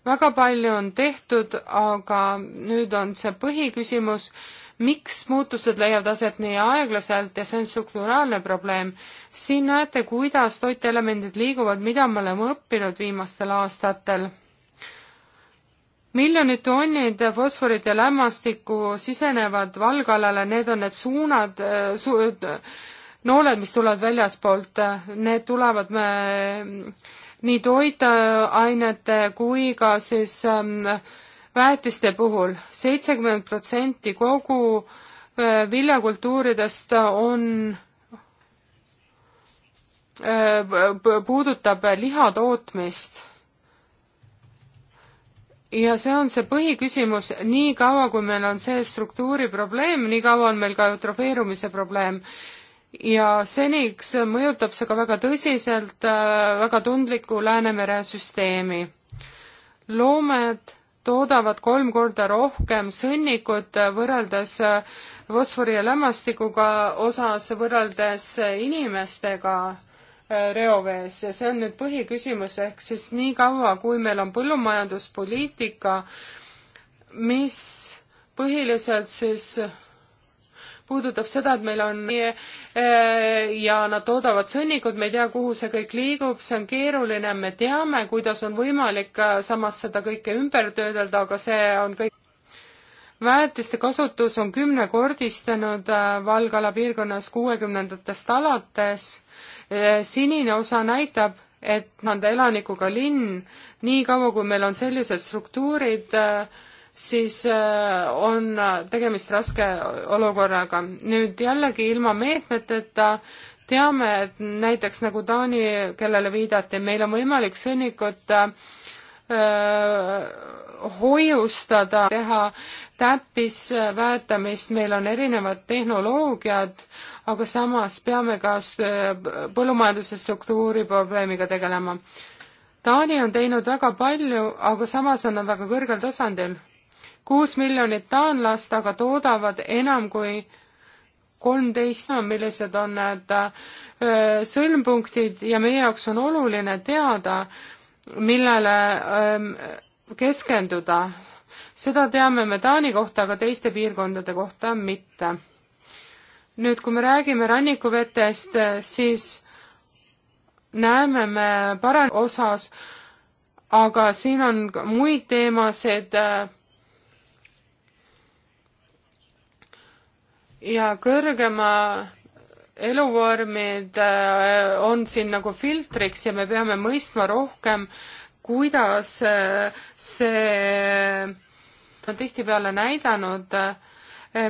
väga palju on tehtud, aga nüüd on see põhiküsimus, miks muutused leiavad aset nii aeglaselt ja see on strukturaalne probleem. siin näete, kuidas toitelemendid liiguvad, mida me oleme õppinud viimastel aastatel. miljonid tonnid fosforit ja lämmastikku sisenevad valgalale, need on need suunad äh, su,, nooled, mis tulevad väljaspoolt, need tulevad me nii toitainete kui ka siis ähm, väetiste puhul. seitsekümmend protsenti kogu äh, viljakultuuridest on, äh, puudutab liha tootmist. ja see on see põhiküsimus, nii kaua kui meil on see struktuuriprobleem, nii kaua on meil ka eutrofeerumise probleem ja seniks mõjutab see ka väga tõsiselt äh, väga tundlikku Läänemere süsteemi. loomed toodavad kolm korda rohkem sõnnikut võrreldes äh, fosfori ja lämmastikuga osas võrreldes inimestega äh, reovees ja see on nüüd põhiküsimus, ehk siis niikaua, kui meil on põllumajanduspoliitika, mis põhiliselt siis puudutab seda, et meil on eh, ja nad toodavad sõnnikut, me ei tea, kuhu see kõik liigub, see on keeruline, me teame, kuidas on võimalik eh, samas seda kõike ümber töödelda, aga see on kõik väetiste kasutus on kümnekordistunud eh, Valgala piirkonnas kuuekümnendatest alates. sinine osa näitab, et anda elanikuga linn, niikaua kui meil on sellised struktuurid äh, siis äh, on äh, tegemist raske olukorraga. nüüd jällegi ilma meetmeteta teame, et näiteks nagu Taani, kellele viidati, meil on võimalik sõnnikut äh, hoiustada, teha täppisväetamist, äh, meil on erinevad tehnoloogiad, aga samas peame ka põllumajanduse struktuuri probleemiga tegelema. Taani on teinud väga palju, aga samas on nad väga kõrgel tasandil kuus miljonit taanlast aga toodavad enam kui kolmteist, millised on need äh, sõlmpunktid ja meie jaoks on oluline teada, millele ähm, keskenduda. seda teame me Taani kohta, aga teiste piirkondade kohta mitte. nüüd, kui me räägime rannikuvetest, siis näeme me paran- osas, aga siin on muid teemasid äh, ja kõrgema eluvormid äh, on siin nagu filtriks ja me peame mõistma rohkem, kuidas äh, see on tihtipeale näidanud, äh,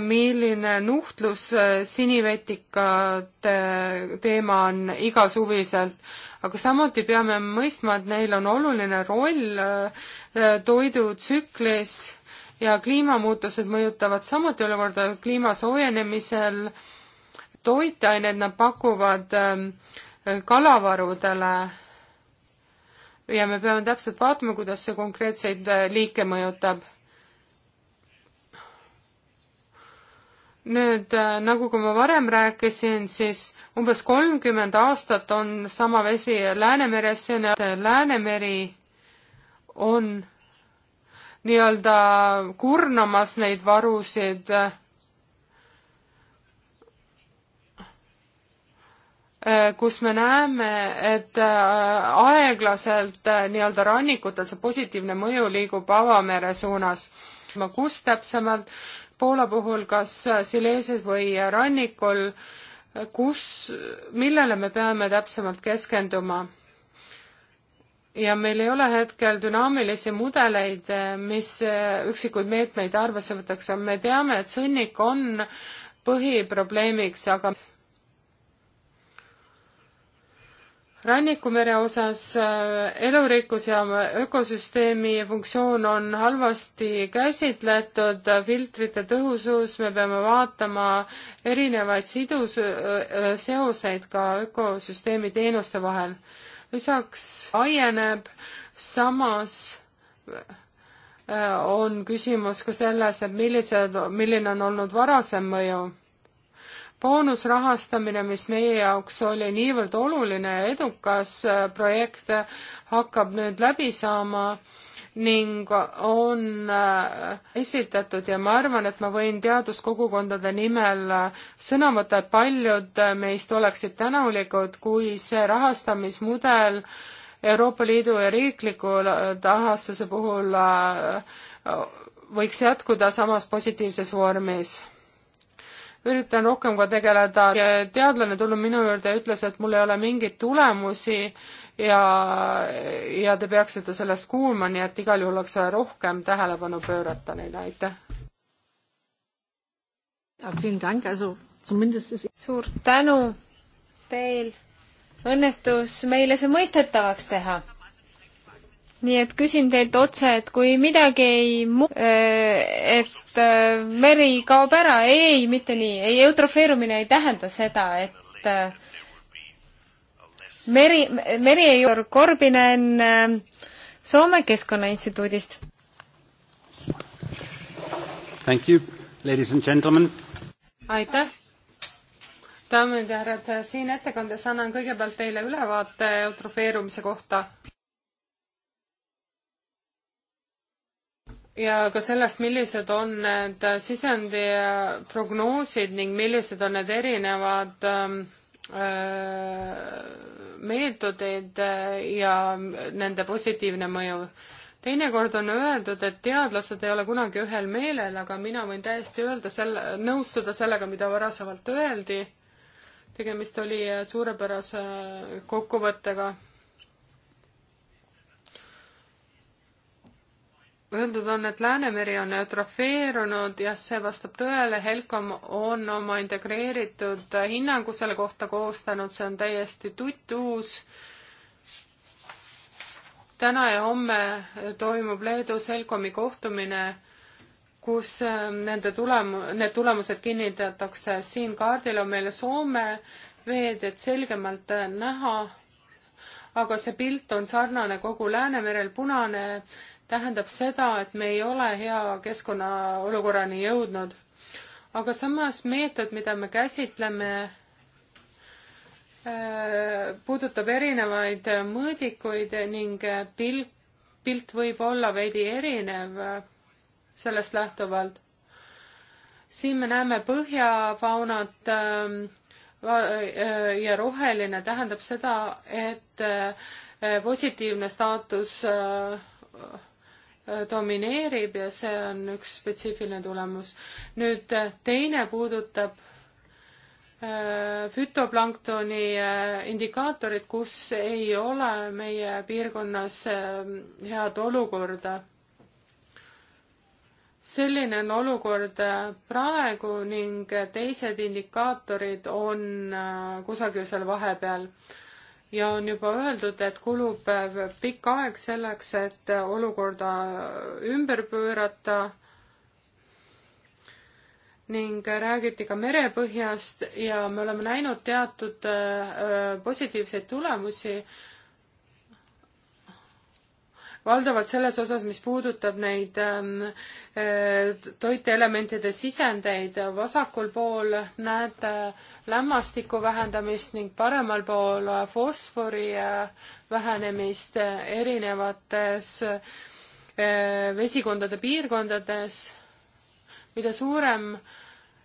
milline nuhtlus sinivetikate teema on igasuviselt, aga samuti peame mõistma, et neil on oluline roll toidutsüklis ja kliimamuutused mõjutavad samuti olukorda kliima soojenemisel. toitained nad pakuvad ähm, kalavarudele ja me peame täpselt vaatama, kuidas see konkreetseid äh, liike mõjutab. nüüd, äh, nagu ka ma varem rääkisin, siis umbes kolmkümmend aastat on sama vesi Läänemeres, see on Läänemeri on nii-öelda kurnamas neid varusid. kus me näeme, et äh, aeglaselt äh, nii-öelda rannikutel see positiivne mõju liigub avamere suunas. kus täpsemalt, Poola puhul kas äh, Silesias või rannikul, kus, millele me peame täpsemalt keskenduma ja meil ei ole hetkel dünaamilisi mudeleid, eh, mis eh, üksikuid meetmeid arvesse võtakse. me teame, et sõnnik on põhiprobleemiks, aga rannikumere osas eh, elurikkus ja ökosüsteemi funktsioon on halvasti käsitletud, filtrite tõhusus, me peame vaatama erinevaid sidus, seoseid ka ökosüsteemi teenuste vahel lisaks laieneb, samas äh, on küsimus ka selles, et millised, milline on olnud varasem mõju. boonusrahastamine, mis meie jaoks oli niivõrd oluline ja edukas äh, projekt, hakkab nüüd läbi saama ning on äh, esitatud ja ma arvan, et ma võin teaduskogukondade nimel äh, sõna võtta, et paljud äh, meist oleksid tänulikud, kui see rahastamismudel Euroopa Liidu ja riikliku rahastuse puhul võiks jätkuda samas positiivses vormis üritan rohkem ka tegeleda. teadlane tulnud minu juurde ja ütles, et mul ei ole mingeid tulemusi ja, ja te peaksite sellest kuulma, nii et igal juhul oleks vaja rohkem tähelepanu pöörata neile, aitäh. suur tänu teil, õnnestus meile see mõistetavaks teha nii et küsin teilt otse, et kui midagi ei mu-, äh, et äh, meri kaob ära, ei, mitte nii, ei, eutrofeerumine ei tähenda seda, et äh, meri, meri ei ole Korbinen Soome Keskkonnainstituudist. Thank you, ladies and gentlemen. aitäh daamid ja härrad, siin ettekandes annan kõigepealt teile ülevaate eutrofeerumise kohta ja ka sellest, millised on need sisendi prognoosid ning millised on need erinevad ähm, äh, meetodid äh, ja nende positiivne mõju. teinekord on öeldud, et teadlased ei ole kunagi ühel meelel, aga mina võin täiesti öelda selle, nõustuda sellega, mida varasemalt öeldi. tegemist oli suurepärase kokkuvõttega Öeldud on, et Läänemeri on eutrofeerunud, jah, see vastab tõele, Helcom on oma integreeritud hinnangu selle kohta koostanud, see on täiesti tuttuus. täna ja homme toimub Leedus Helcomi kohtumine, kus ähm, nende tulem-, need tulemused kinnitatakse, siin kaardil on meil Soome veed, et selgemalt äh, näha, aga see pilt on sarnane kogu Läänemerel, punane tähendab seda, et me ei ole hea keskkonnaolukorrani jõudnud. aga samas meetod, mida me käsitleme, äh, puudutab erinevaid mõõdikuid ning pilt, pilt võib olla veidi erinev sellest lähtuvalt. siin me näeme põhjafaunat ähm, äh, ja roheline tähendab seda, et äh, positiivne staatus Äh, domineerib ja see on üks spetsiifiline tulemus. nüüd äh, teine puudutab äh, fütoplanktoni indikaatorid, kus ei ole meie piirkonnas ähm, head olukorda. selline on olukord praegu ning teised indikaatorid on kusagil seal vahepeal ja on juba öeldud, et kulub äh, pikk aeg selleks, et äh, olukorda äh, ümber pöörata ning räägiti ka merepõhjast ja me oleme näinud teatud positiivseid tulemusi valdavalt selles osas, mis puudutab neid ähm, äh, toiteelementide sisendeid. vasakul pool näete äh, lämmastiku vähendamist ning paremal pool äh, fosfori vähenemist erinevates vesikondade piirkondades. mida suurem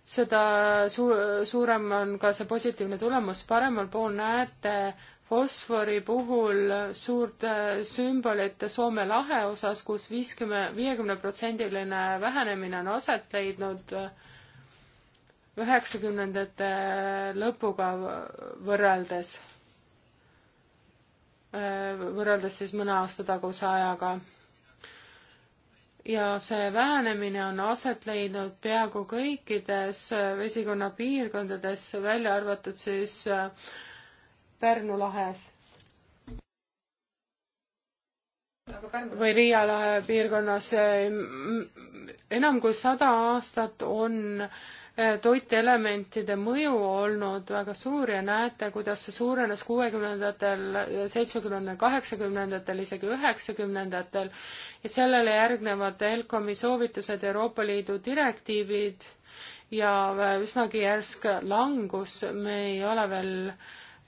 seda su-, suurem on ka see positiivne tulemus, paremal pool näete fosfori puhul suurt äh, sümbolit Soome lahe osas kus, kus viiskümmend, viiekümneprotsendiline vähenemine on aset leidnud äh, üheksakümnendate äh, lõpuga võrreldes, võrreldes siis mõne aasta taguse ajaga. ja see vähenemine on aset leidnud peaaegu kõikides vesikonna piirkondades, välja arvatud siis äh, Pärnu lahes. või Riia lahe piirkonnas eh, enam kui sada aastat on eh, toitelementide mõju olnud väga suur ja näete, kuidas see suurenes kuuekümnendatel, seitsmekümnendatel, kaheksakümnendatel, isegi üheksakümnendatel ja sellele järgnevad ELCOM-i soovitused, Euroopa Liidu direktiivid ja eh, üsnagi järsk langus, me ei ole veel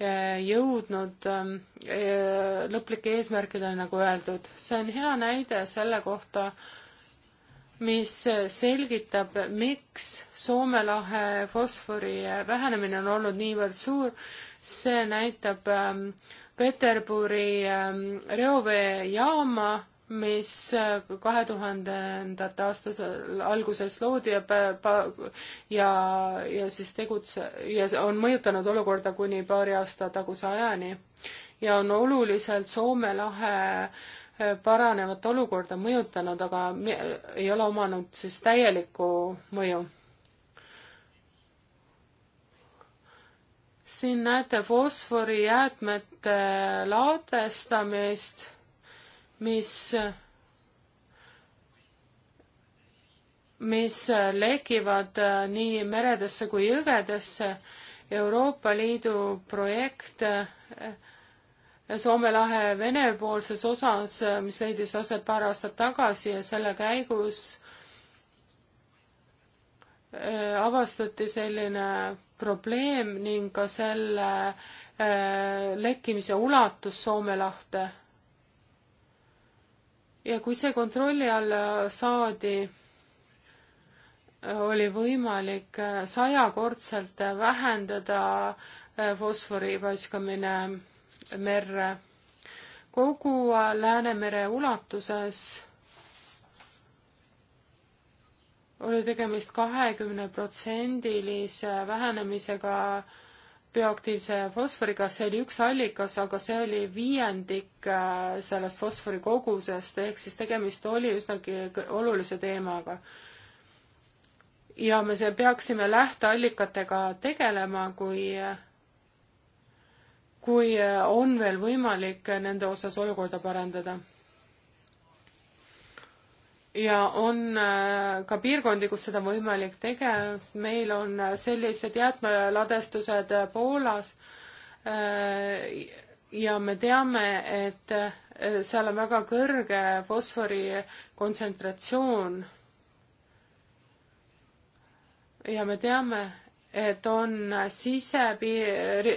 Äh, jõudnud ähm, äh, lõplike eesmärkideni, nagu öeldud. see on hea näide selle kohta, mis selgitab, miks Soome lahe fosfori vähenemine on olnud niivõrd suur. see näitab ähm, Peterburi ähm, reoveejaama mis äh, kahe tuhandendate aastase alguses loodi ja ja, ja siis tegutse- ja on mõjutanud olukorda kuni paari aasta taguse ajani. ja on oluliselt Soome lahe äh, paranevat olukorda mõjutanud, aga ei ole omanud siis täielikku mõju siin näete fosforijäätmete ladestamist mis mis lekivad äh, nii meredesse kui jõgedesse. Euroopa Liidu projekt äh, Soome lahe venepoolses osas, äh, mis leidis aset paar aastat tagasi ja selle käigus avastati selline probleem ning ka selle lekkimise ulatus Soome lahte ja kui see kontrolli alla saadi, oli võimalik äh, sajakordselt vähendada äh, fosfori paiskamine merre. kogu äh, Läänemere ulatuses oli tegemist kahekümne protsendilise vähenemisega bioaktiivse fosforiga, see oli üks allikas, aga see oli viiendik äh, sellest fosfori kogusest, ehk siis tegemist oli üsnagi olulise teemaga. ja me see, peaksime lähteallikatega tegelema, kui, kui äh, on veel võimalik nende osas olukorda parandada ja on äh, ka piirkondi, kus seda on võimalik teha, meil on äh, sellised jäätmeladestused äh, Poolas ja me teame, et seal on väga kõrge fosfori kontsentratsioon. ja me teame, et on sisepiir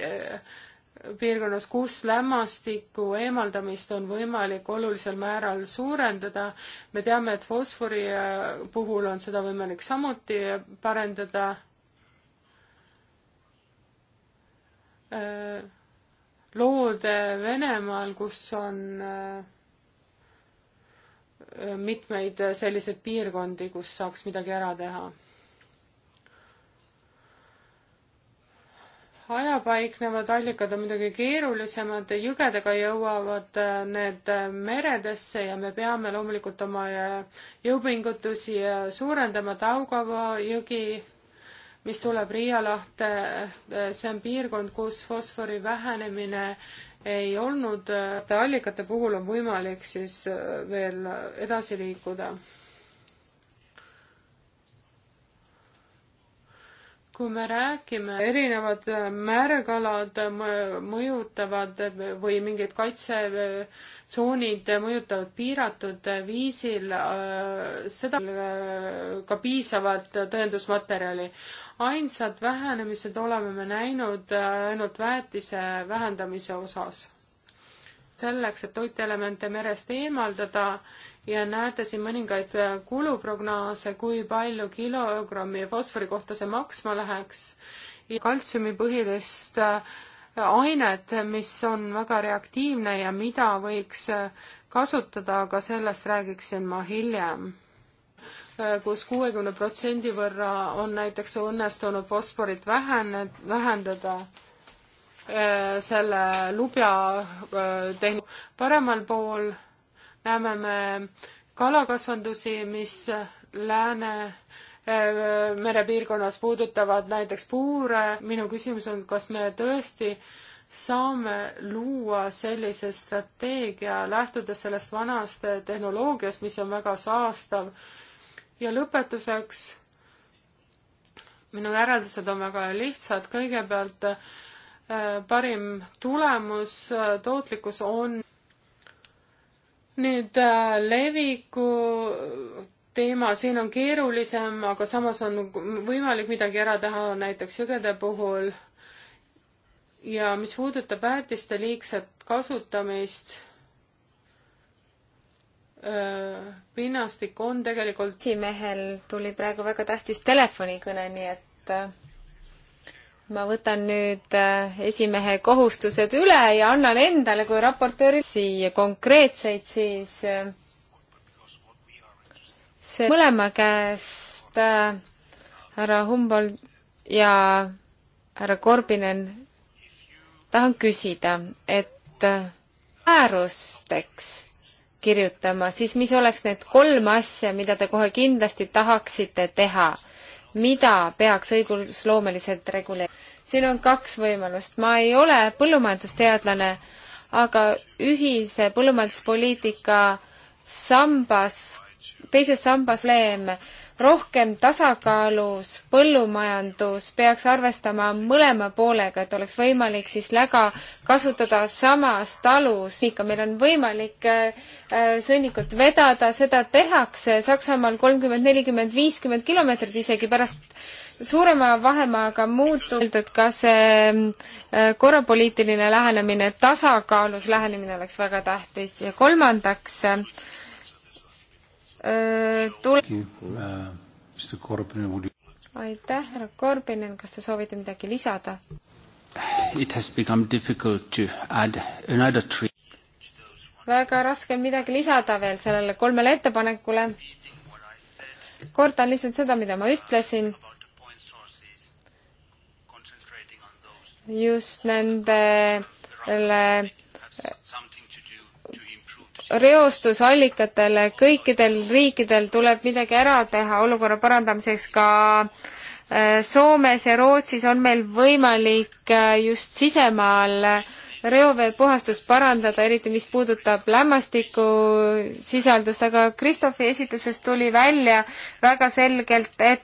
piirkonnas, kus lämmastiku eemaldamist on võimalik olulisel määral suurendada. me teame, et fosfori äh, puhul on seda võimalik samuti parendada. Äh, loode Venemaal, kus on äh, mitmeid selliseid piirkondi, kus saaks midagi ära teha hajapaiknevad allikad on muidugi keerulisemad, jõgedega jõuavad äh, need äh, meredesse ja me peame loomulikult oma äh, jõupingutusi suurendama. Taugava jõgi, mis tuleb Riia lahte, see on piirkond, kus fosfori vähenemine ei olnud, allikate puhul on võimalik siis veel edasi liikuda kui me räägime, erinevad äh, märgalad äh, mõjutavad äh, või mingid kaitsetsoonid mõjutavad piiratud viisil seda ka piisavat tõendusmaterjali. ainsad vähenemised oleme me näinud ainult väetise vähendamise osas. selleks, et toitelemente merest eemaldada ja näete siin mõningaid äh, kuluprognoose, kui palju kilogrammi fosfori kohta see maksma läheks. kaltsiumipõhilist äh, ainet, mis on väga reaktiivne ja mida võiks äh, kasutada, aga sellest räägiksin ma hiljem kus kuuekümne protsendi võrra on näiteks õnnestunud fosforit vähene, vähendada selle lubja tehn-, paremal pool näeme me kalakasvandusi, mis lääne äh, merepiirkonnas puudutavad näiteks puure. minu küsimus on, kas me tõesti saame luua sellise strateegia, lähtudes sellest vanast tehnoloogiast, mis on väga saastav. ja lõpetuseks, minu järeldused on väga lihtsad, kõigepealt äh, parim tulemus, äh, tootlikkus on nüüd äh, leviku teema, siin on keerulisem, aga samas on võimalik midagi ära teha näiteks jõgede puhul. ja mis puudutab väetiste liigset kasutamist, äh, pinnastik on tegelikult esimehel tuli praegu väga tähtis telefonikõne, nii et äh, ma võtan nüüd äh, esimehe kohustused üle ja annan endale kui raportööri siia konkreetseid siis äh, see mõlema käest äh, härra Humbol ja härra Korbinen tahan küsida, et määrusteks kirjutama, siis mis oleks need kolm asja, mida te kohe kindlasti tahaksite teha mida peaks õigusloomeliselt reguleerima. siin on kaks võimalust, ma ei ole põllumajandusteadlane, aga ühise põllumajanduspoliitika sambas, teises sambas probleem rohkem tasakaalus põllumajandus peaks arvestama mõlema poolega, et oleks võimalik siis läga kasutada samas talus. ikka meil on võimalik äh, äh, sõnnikut vedada, seda tehakse Saksamaal kolmkümmend, nelikümmend, viiskümmend kilomeetrit isegi pärast suurema vahemaaga muutunud, ka see ähm, äh, korrapoliitiline lähenemine, tasakaalus lähenemine oleks väga tähtis ja kolmandaks äh, Äh, tule-. Uh, aitäh, härra Korbinen, kas te soovite midagi lisada? It has become difficult to add another tree. väga raske on midagi lisada veel sellele kolmele ettepanekule. kordan lihtsalt seda, mida ma ütlesin just nendele reostusallikatele, kõikidel riikidel tuleb midagi ära teha olukorra parandamiseks, ka äh, Soomes ja Rootsis on meil võimalik äh, just sisemaal äh, reovee puhastust parandada, eriti mis puudutab lämmastiku sisaldust, aga Kristofi esitlusest tuli välja väga selgelt, et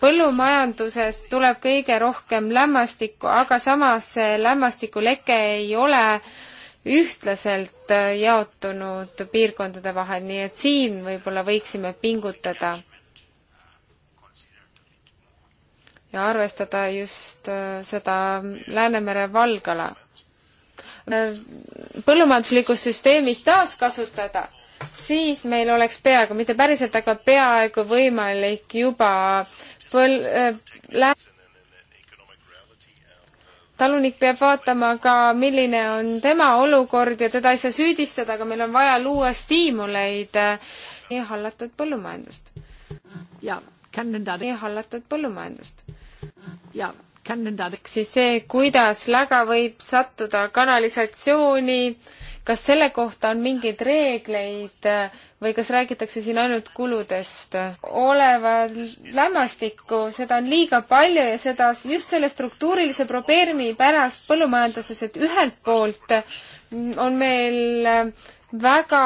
põllumajanduses tuleb kõige rohkem lämmastikku, aga samas see lämmastikuleke ei ole äh, ühtlaselt äh, jaotunud piirkondade vahel, nii et siin võib-olla võiksime pingutada ja arvestada just äh, seda Läänemere valgala. Äh, põllumajanduslikust süsteemist taaskasutada, siis meil oleks peaaegu, mitte päriselt, aga peaaegu võimalik juba põl-, lä-, talunik peab vaatama ka, milline on tema olukord ja teda ei saa süüdistada, aga meil on vaja luua stiimuleid ja hallatud põllumajandust. ja hallatud põllumajandust. ja ehk siis see, kuidas läga võib sattuda kanalisatsiooni äh, kas selle kohta on mingeid reegleid äh, või kas räägitakse siin ainult kuludest? olevat lämmastikku, seda on liiga palju ja seda just selle struktuurilise probleemi pärast põllumajanduses, et ühelt poolt on meil äh, väga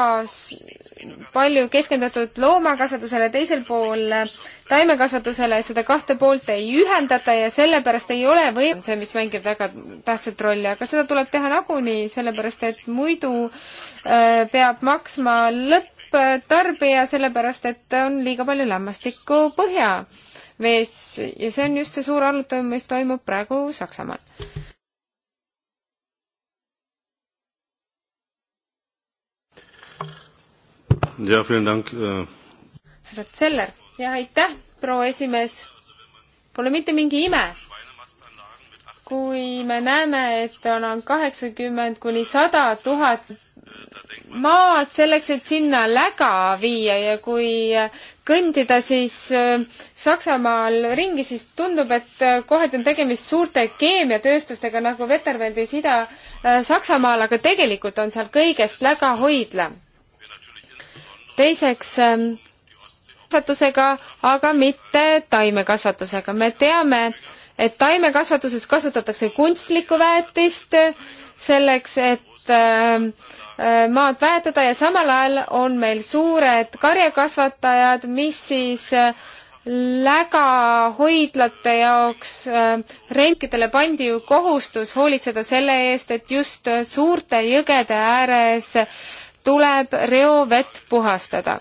palju keskendatud loomakasvatusele, teisel pool äh, taimekasvatusele, seda kahte poolt ei ühendata ja sellepärast ei ole või-, see, mis mängib väga tähtsat rolli, aga seda tuleb teha nagunii, sellepärast et muidu äh, peab maksma lõpptarbija, sellepärast et on liiga palju lämmastikku põhjavees ja see on just see suur arutelu, mis toimub praegu Saksamaal Äh, härra Zeller, jah, aitäh, proua esimees. Pole mitte mingi ime, kui me näeme, et on kaheksakümmend kuni sada tuhat maad selleks, et sinna läga viia ja kui kõndida siis äh, Saksamaal ringi, siis tundub, et äh, kohati on tegemist suurte keemiatööstustega nagu Veterwaldis Ida-Saksamaal, aga tegelikult on seal kõigest läga hoidla teiseks ähm, kasvatusega, aga mitte taimekasvatusega. me teame, et taimekasvatuses kasutatakse kunstlikku väetist selleks, et ähm, äh, maad väetada ja samal ajal on meil suured karjakasvatajad, mis siis äh, lägahoidlate jaoks ähm, rentidele pandi ju kohustus hoolitseda selle eest, et just äh, suurte jõgede ääres äh, tuleb reovett puhastada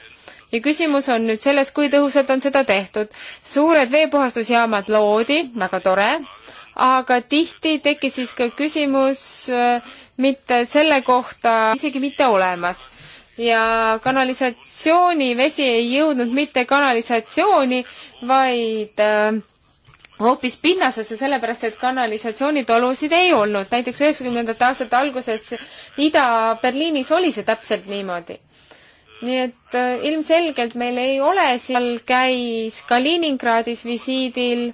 ja küsimus on nüüd selles, kui tõhusalt on seda tehtud. suured veepuhastusjaamad loodi, väga tore, aga tihti tekkis siis ka küsimus äh, mitte selle kohta isegi mitte olemas. ja kanalisatsioonivesi ei jõudnud mitte kanalisatsiooni, vaid äh, hoopis pinnasesse, sellepärast et kanalisatsioonitolusid ei olnud. näiteks üheksakümnendate aastate alguses Ida-Berliinis oli see täpselt niimoodi. nii et äh, ilmselgelt meil ei ole seal, käis Kaliningradis visiidil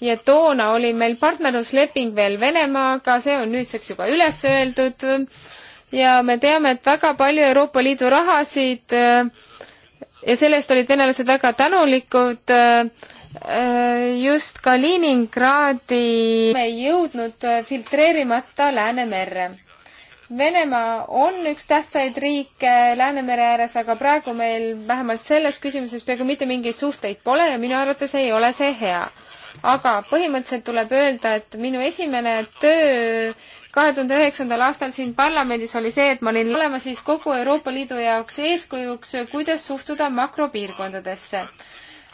ja toona oli meil partnerlusleping veel Venemaaga, see on nüüdseks juba üles öeldud ja me teame, et väga palju Euroopa Liidu rahasid äh, ja selle eest olid venelased väga tänulikud äh, just Kaliningradi me ei jõudnud äh, filtreerimata Läänemerre. Venemaa on üks tähtsaid riike Läänemere ääres, aga praegu meil vähemalt selles küsimuses peaaegu mitte mingeid suhteid pole ja minu arvates ei ole see hea. aga põhimõtteliselt tuleb öelda, et minu esimene töö kahe tuhande üheksandal aastal siin parlamendis oli see, et ma olin olema siis kogu Euroopa Liidu jaoks eeskujuks, kuidas suhtuda makropiirkondadesse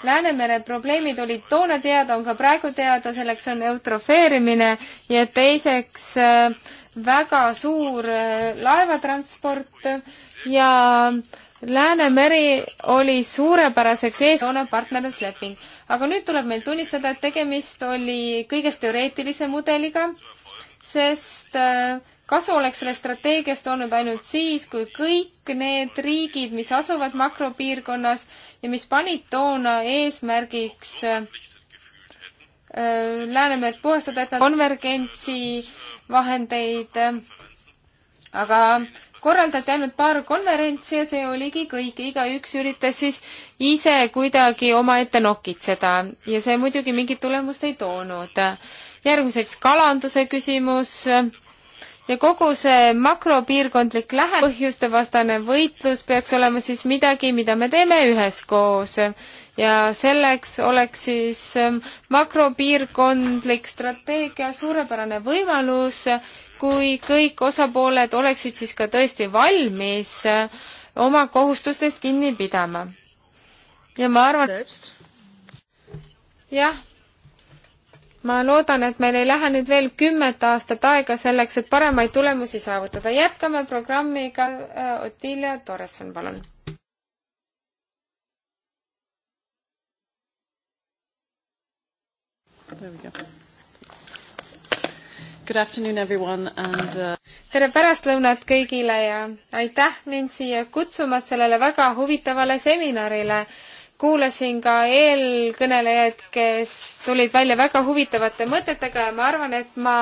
Läänemere probleemid olid toona teada, on ka praegu teada, selleks on eutrofeerimine ja teiseks äh, väga suur äh, laevatransport ja Läänemeri oli suurepäraseks eesjoone partnerlusleping. aga nüüd tuleb meil tunnistada, et tegemist oli kõigest teoreetilise mudeliga, sest äh, kasu oleks sellest strateegiast olnud ainult siis, kui kõik need riigid, mis asuvad makropiirkonnas ja mis panid toona eesmärgiks äh, äh, Läänemerd puhastada, et nad konvergentsi vahendeid, äh, aga korraldati ainult paar konverentsi ja see oligi kõik, igaüks üritas siis ise kuidagi omaette nokitseda ja see muidugi mingit tulemust ei toonud. järgmiseks kalanduse küsimus ja kogu see makropiirkondlik lähe-, põhjuste vastane võitlus peaks olema siis midagi, mida me teeme üheskoos. ja selleks oleks siis ähm, makropiirkondlik strateegia suurepärane võimalus, kui kõik osapooled oleksid siis ka tõesti valmis äh, oma kohustustest kinni pidama. ja ma arvan, jah ma loodan, et meil ei lähe nüüd veel kümmet aastat aega selleks, et paremaid tulemusi saavutada. jätkame programmiga. Äh, Ottilia Torresson, palun. Good afternoon everyone and uh... tere pärastlõunat kõigile ja aitäh mind siia kutsumast sellele väga huvitavale seminarile uh, kuulasin ka eelkõnelejaid, kes tulid välja väga huvitavate mõtetega ja ma arvan, et ma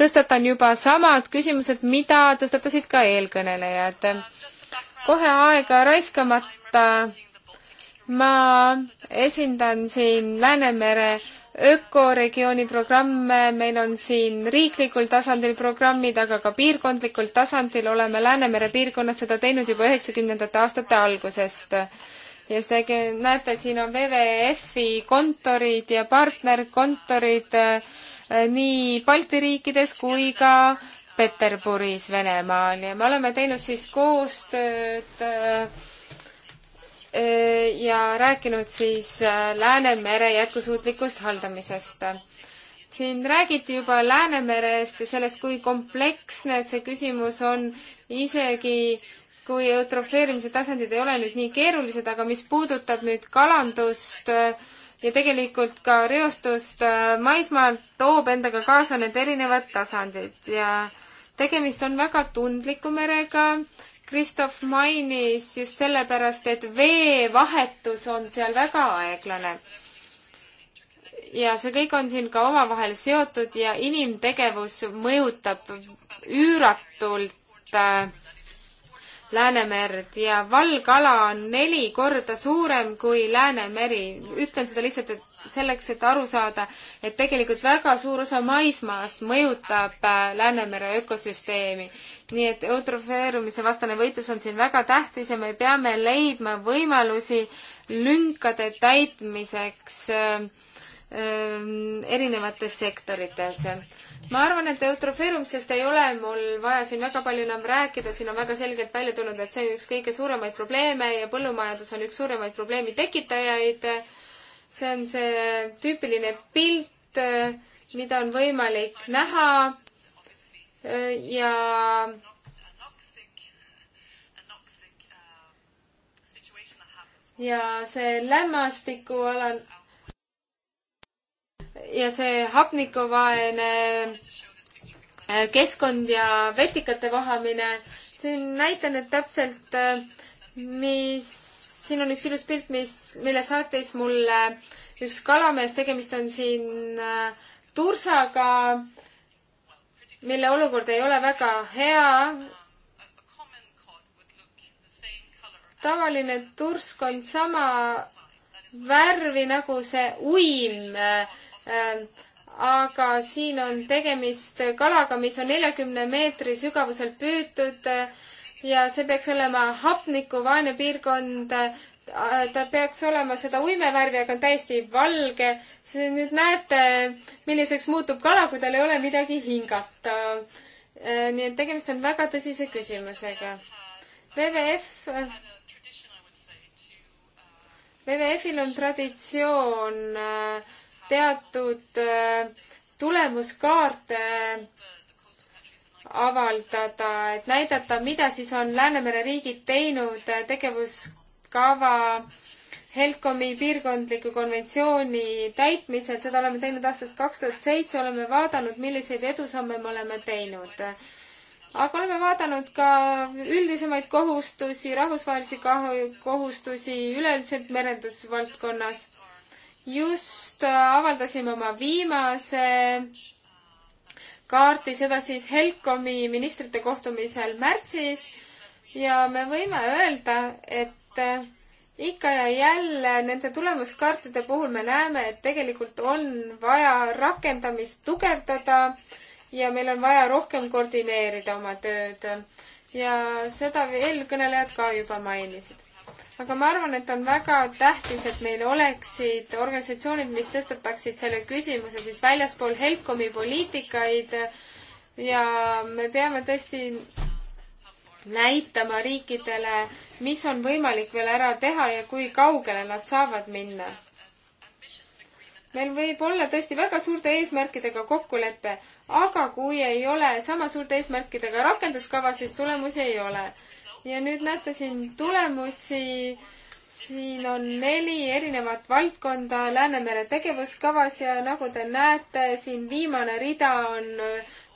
tõstatan juba samad küsimused, mida tõstatasid ka eelkõnelejad. kohe aega raiskamata ma esindan siin Läänemere ökoregiooni programme, meil on siin riiklikul tasandil programmid, aga ka piirkondlikul tasandil oleme Läänemere piirkonnas seda teinud juba üheksakümnendate aastate algusest ja see, näete, siin on WWF-i kontorid ja partnerkontorid äh, nii Balti riikides kui ka Peterburis Venemaal ja me oleme teinud siis koostööd äh, äh, ja rääkinud siis Läänemere jätkusuutlikust haldamisest. siin räägiti juba Läänemerest ja sellest, kui kompleksne see küsimus on isegi kui eutrofeerimise tasandid ei ole nüüd nii keerulised, aga mis puudutab nüüd kalandust äh, ja tegelikult ka reostust äh, maismaalt, toob endaga kaasa need erinevad tasandid ja tegemist on väga tundliku merega. Kristof mainis just sellepärast, et veevahetus on seal väga aeglane ja see kõik on siin ka omavahel seotud ja inimtegevus mõjutab üüratult äh, Läänemerd ja valgala on neli korda suurem kui Läänemeri. ütlen seda lihtsalt, et selleks, et aru saada, et tegelikult väga suur osa maismaast mõjutab äh, Läänemere ökosüsteemi. nii et eutrofeerumise vastane võitlus on siin väga tähtis ja me peame leidma võimalusi lünkade täitmiseks äh, äh, erinevates sektorites ma arvan, et eutrofeerumisest ei ole mul vaja siin väga palju enam rääkida, siin on väga selgelt välja tulnud, et see on üks kõige suuremaid probleeme ja põllumajandus on üks suuremaid probleemi tekitajaid. see on see tüüpiline pilt, mida on võimalik näha ja ja see lämmastikualane ja see hapnikuvaene äh, keskkond ja vetikate vohamine, siin näitan, et täpselt äh, mis, siin on üks ilus pilt, mis, mille saatis mulle üks kalamees, tegemist on siin äh, tursaga, mille olukord ei ole väga hea. tavaline tursk on sama värvi nagu see uim Ähm, aga siin on tegemist kalaga, mis on neljakümne meetri sügavuselt püütud äh, ja see peaks olema hapnikuvaene piirkond. Äh, ta peaks olema seda uimevärvi, aga on täiesti valge. nüüd näete, milliseks muutub kala, kui tal ei ole midagi hingata. Äh, nii et tegemist on väga tõsise küsimusega. WWF WWF-il on traditsioon äh, teatud äh, tulemuskaarte avaldada, et näidata, mida siis on Läänemere riigid teinud äh, tegevuskava Helcomi piirkondliku konventsiooni täitmisel, seda oleme teinud aastast kaks tuhat seitse, oleme vaadanud, milliseid edusamme me oleme teinud. aga oleme vaadanud ka üldisemaid kohustusi, rahvusvahelisi kohustusi üleüldiselt merendusvaldkonnas just äh, avaldasime oma viimase kaarti, seda siis Helcomi ministrite kohtumisel märtsis ja me võime öelda, et äh, ikka ja jälle nende tulemuskaartide puhul me näeme, et tegelikult on vaja rakendamist tugevdada ja meil on vaja rohkem koordineerida oma tööd. ja seda eelkõnelejad ka juba mainisid aga ma arvan, et on väga tähtis, et meil oleksid organisatsioonid, mis tõstataksid selle küsimuse siis väljaspool Helcomi poliitikaid ja me peame tõesti näitama riikidele, mis on võimalik veel ära teha ja kui kaugele nad saavad minna. meil võib olla tõesti väga suurte eesmärkidega kokkulepe, aga kui ei ole sama suurte eesmärkidega rakenduskava, siis tulemusi ei ole ja nüüd näete siin tulemusi. siin on neli erinevat valdkonda Läänemere tegevuskavas ja nagu te näete, siin viimane rida on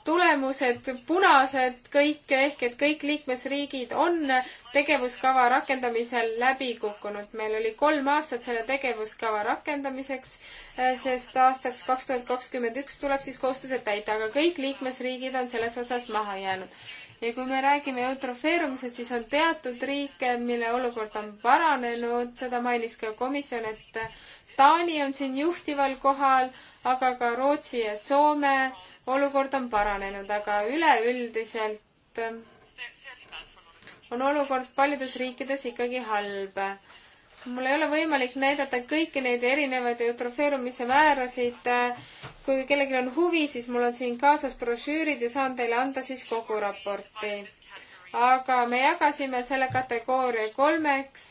tulemused punased kõik ehk et kõik liikmesriigid on tegevuskava rakendamisel läbi kukkunud. meil oli kolm aastat selle tegevuskava rakendamiseks, eh, sest aastaks kaks tuhat kakskümmend üks tuleb siis kohustused täita, aga kõik liikmesriigid on selles osas maha jäänud ja kui me räägime eutrofeerumisest, siis on teatud riike, mille olukord on paranenud, seda mainis ka komisjon, et Taani on siin juhtival kohal, aga ka Rootsi ja Soome olukord on paranenud, aga üleüldiselt on olukord paljudes riikides ikkagi halb mul ei ole võimalik näidata kõiki neid erinevaid eutrofeerumise määrasid. Äh, kui kellelgi on huvi, siis mul on siin kaasas brošüürid ja saan teile anda siis kogu raporti. aga me jagasime selle kategooria kolmeks.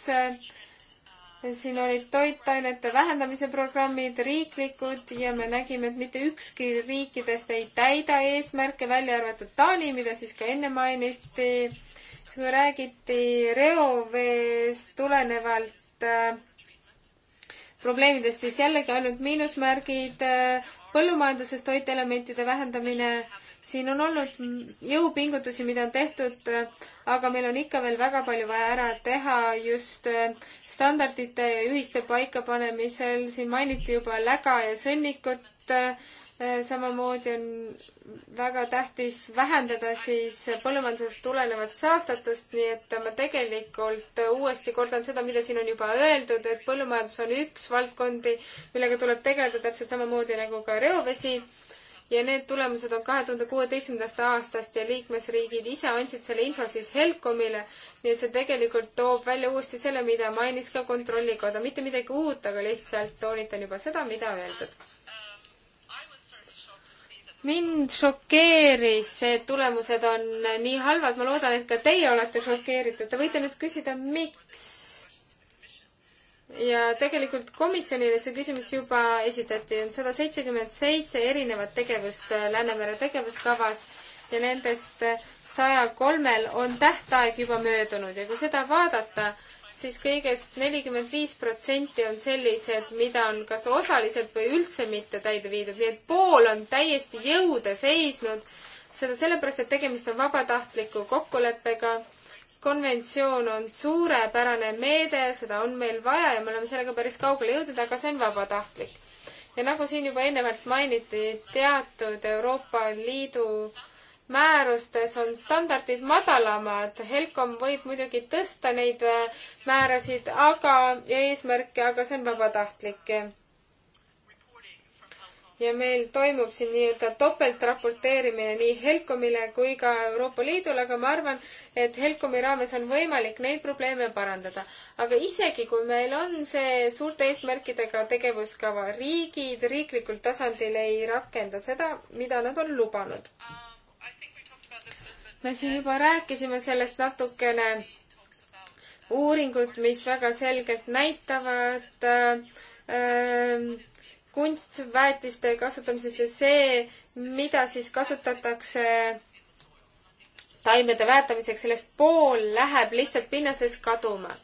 siin olid toitainete vähendamise programmid, riiklikud ja me nägime, et mitte ükski riikidest ei täida eesmärke, välja arvatud Taani, mida siis ka enne mainiti. siis kui räägiti reoveest tulenevalt Äh, probleemidest, siis jällegi ainult miinusmärgid, äh, põllumajanduses toitelementide vähendamine, siin on olnud jõupingutusi, mida on tehtud, äh, aga meil on ikka veel väga palju vaja ära teha just standardite ja juhiste paikapanemisel, siin mainiti juba läga ja sõnnikut, Äh, samamoodi on väga tähtis vähendada siis põllumajandusest tulenevat saastatust, nii et ma tegelikult uuesti kordan seda, mida siin on juba öeldud, et põllumajandus on üks valdkondi, millega tuleb tegeleda täpselt samamoodi nagu ka reovesi. ja need tulemused on kahe tuhande kuueteistkümnendast aastast ja liikmesriigid ise andsid selle info siis Helcomile, nii et see tegelikult toob välja uuesti selle, mida mainis ka Kontrollikoda, mitte midagi uut, aga lihtsalt toonitan juba seda, mida öeldud mind šokeeris see, et tulemused on nii halvad, ma loodan, et ka teie olete šokeeritud, te võite nüüd küsida, miks? ja tegelikult komisjonile see küsimus juba esitati, on sada seitsekümmend seitse erinevat tegevust äh, Läänemere tegevuskavas ja nendest saja kolmel on tähtaeg juba möödunud ja kui seda vaadata, siis kõigest nelikümmend viis protsenti on sellised, mida on kas osaliselt või üldse mitte täide viidud, nii et pool on täiesti jõude seisnud. seda sellepärast, et tegemist on vabatahtliku kokkuleppega. konventsioon on suurepärane meede, seda on meil vaja ja me oleme sellega päris kaugele jõudnud, aga see on vabatahtlik. ja nagu siin juba eelnevalt mainiti, teatud Euroopa Liidu määrustes on standardid madalamad. Helcom võib muidugi tõsta neid äh, määrasid, aga, ja eesmärke, aga see on vabatahtlik. ja meil toimub siin nii-öelda topeltraporteerimine nii Helcomile kui ka Euroopa Liidule, aga ma arvan, et Helcomi raames on võimalik neid probleeme parandada. aga isegi, kui meil on see suurte eesmärkidega tegevuskava, riigid riiklikul tasandil ei rakenda seda, mida nad on lubanud um me siin juba rääkisime sellest natukene, uuringud, mis väga selgelt näitavad äh, kunstväetiste kasutamisest ja see, mida siis kasutatakse taimede väetamiseks, sellest pool läheb lihtsalt pinnases kaduma.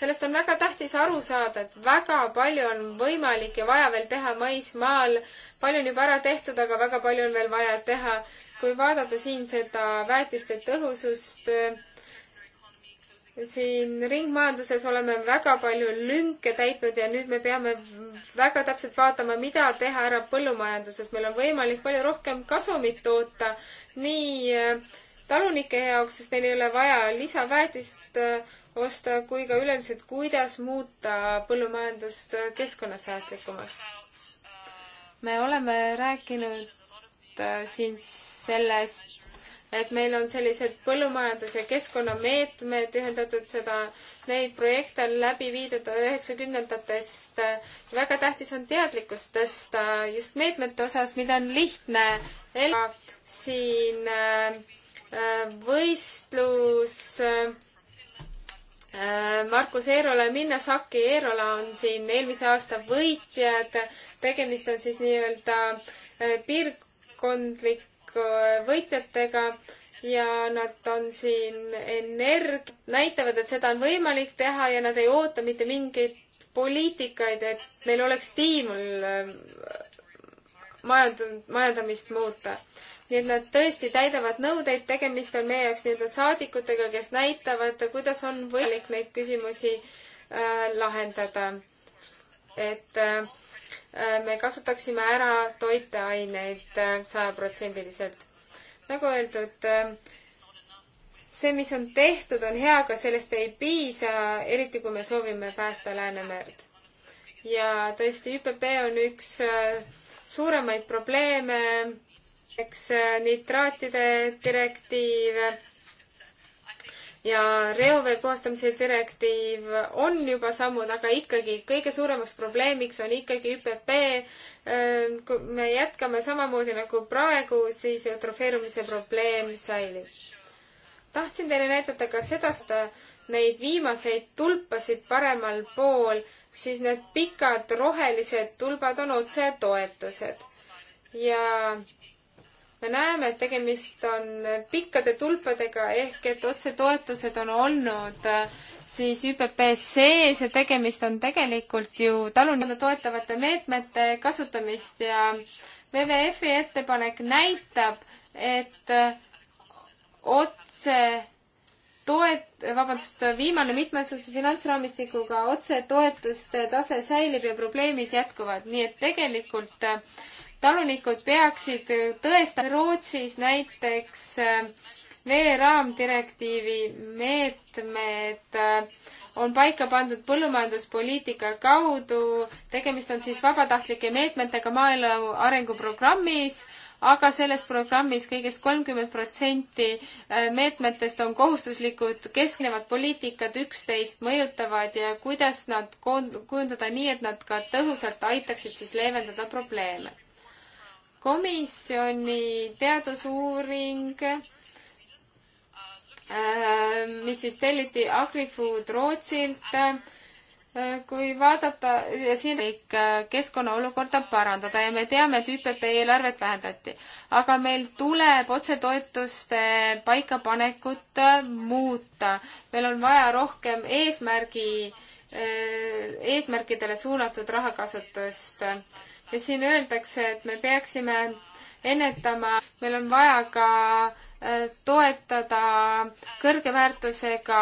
sellest on väga tähtis aru saada, et väga palju on võimalik ja vaja veel teha maismaal. palju on juba ära tehtud, aga väga palju on veel vaja teha kui vaadata siin seda väetiste tõhusust, siin ringmajanduses oleme väga palju lünke täitnud ja nüüd me peame väga täpselt vaatama, mida teha ära põllumajanduses. meil on võimalik palju rohkem kasumit toota nii äh, talunike jaoks, sest neil ei ole vaja lisaväetist äh, osta, kui ka üleüldiselt, kuidas muuta põllumajandust äh, keskkonnasäästlikumaks. me oleme rääkinud siin sellest, et meil on sellised põllumajandus- ja keskkonnameetmed ühendatud seda, neid projekte on läbi viidud üheksakümnendatest. väga tähtis on teadlikkust tõsta just meetmete osas, mida on lihtne elada siin äh, võistlus äh, Markus Eerola ja Minna Saki Eerola on siin eelmise aasta võitjad. tegemist on siis nii-öelda äh, piirkondlik võitjatega ja nad on siin energ-, näitavad, et seda on võimalik teha ja nad ei oota mitte mingeid poliitikaid, et neil oleks stiimul majand-, majandamist muuta. nii et nad tõesti täidavad nõudeid, tegemist on meie jaoks nii-öelda saadikutega, kes näitavad, kuidas on võimalik neid küsimusi äh, lahendada. et äh, Äh, me kasutaksime ära toiteaineid äh, sajaprotsendiliselt. nagu öeldud, äh, see, mis on tehtud, on hea, aga sellest ei piisa, eriti kui me soovime päästa Läänemerd. ja tõesti, ÜPP on üks suuremaid probleeme, eks nitraatide direktiiv ja reovee puhastamise direktiiv on juba sammud, aga ikkagi kõige suuremaks probleemiks on ikkagi ÜPP. Äh, kui me jätkame samamoodi nagu praegu, siis eutrofeerumise probleem säilib. tahtsin teile näidata ka seda, äh, neid viimaseid tulpasid paremal pool, siis need pikad rohelised tulbad on otsetoetused ja me näeme, et tegemist on pikkade tulpadega ehk et otsetoetused on olnud äh, siis ÜPP sees ja tegemist on tegelikult ju talunikkonda toetavate meetmete kasutamist ja WWF-i ettepanek näitab, et äh, otse toet-, vabandust, viimane mitmeaastase finantsraamistikuga otsetoetuste tase säilib ja probleemid jätkuvad, nii et tegelikult äh, talunikud peaksid tõestama Rootsis näiteks äh, veeraamdirektiivi meetmed äh, on paika pandud põllumajanduspoliitika kaudu. tegemist on siis vabatahtlike meetmetega maaelu arenguprogrammis, aga selles programmis kõigest kolmkümmend protsenti äh, meetmetest on kohustuslikud, kesknevad poliitikad üksteist mõjutavad ja kuidas nad kujundada nii, et nad ka tõhusalt aitaksid siis leevendada probleeme komisjoni teadusuuring, äh, mis siis telliti Agrifood Rootsilt. Äh, kui vaadata ja siin kõik äh, keskkonna olukorda parandada ja me teame, et ÜPP eelarvet vähendati, aga meil tuleb otsetoetuste paikapanekut muuta. meil on vaja rohkem eesmärgi, eesmärkidele suunatud rahakasutust ja siin öeldakse, et me peaksime ennetama, meil on vaja ka äh, toetada kõrge väärtusega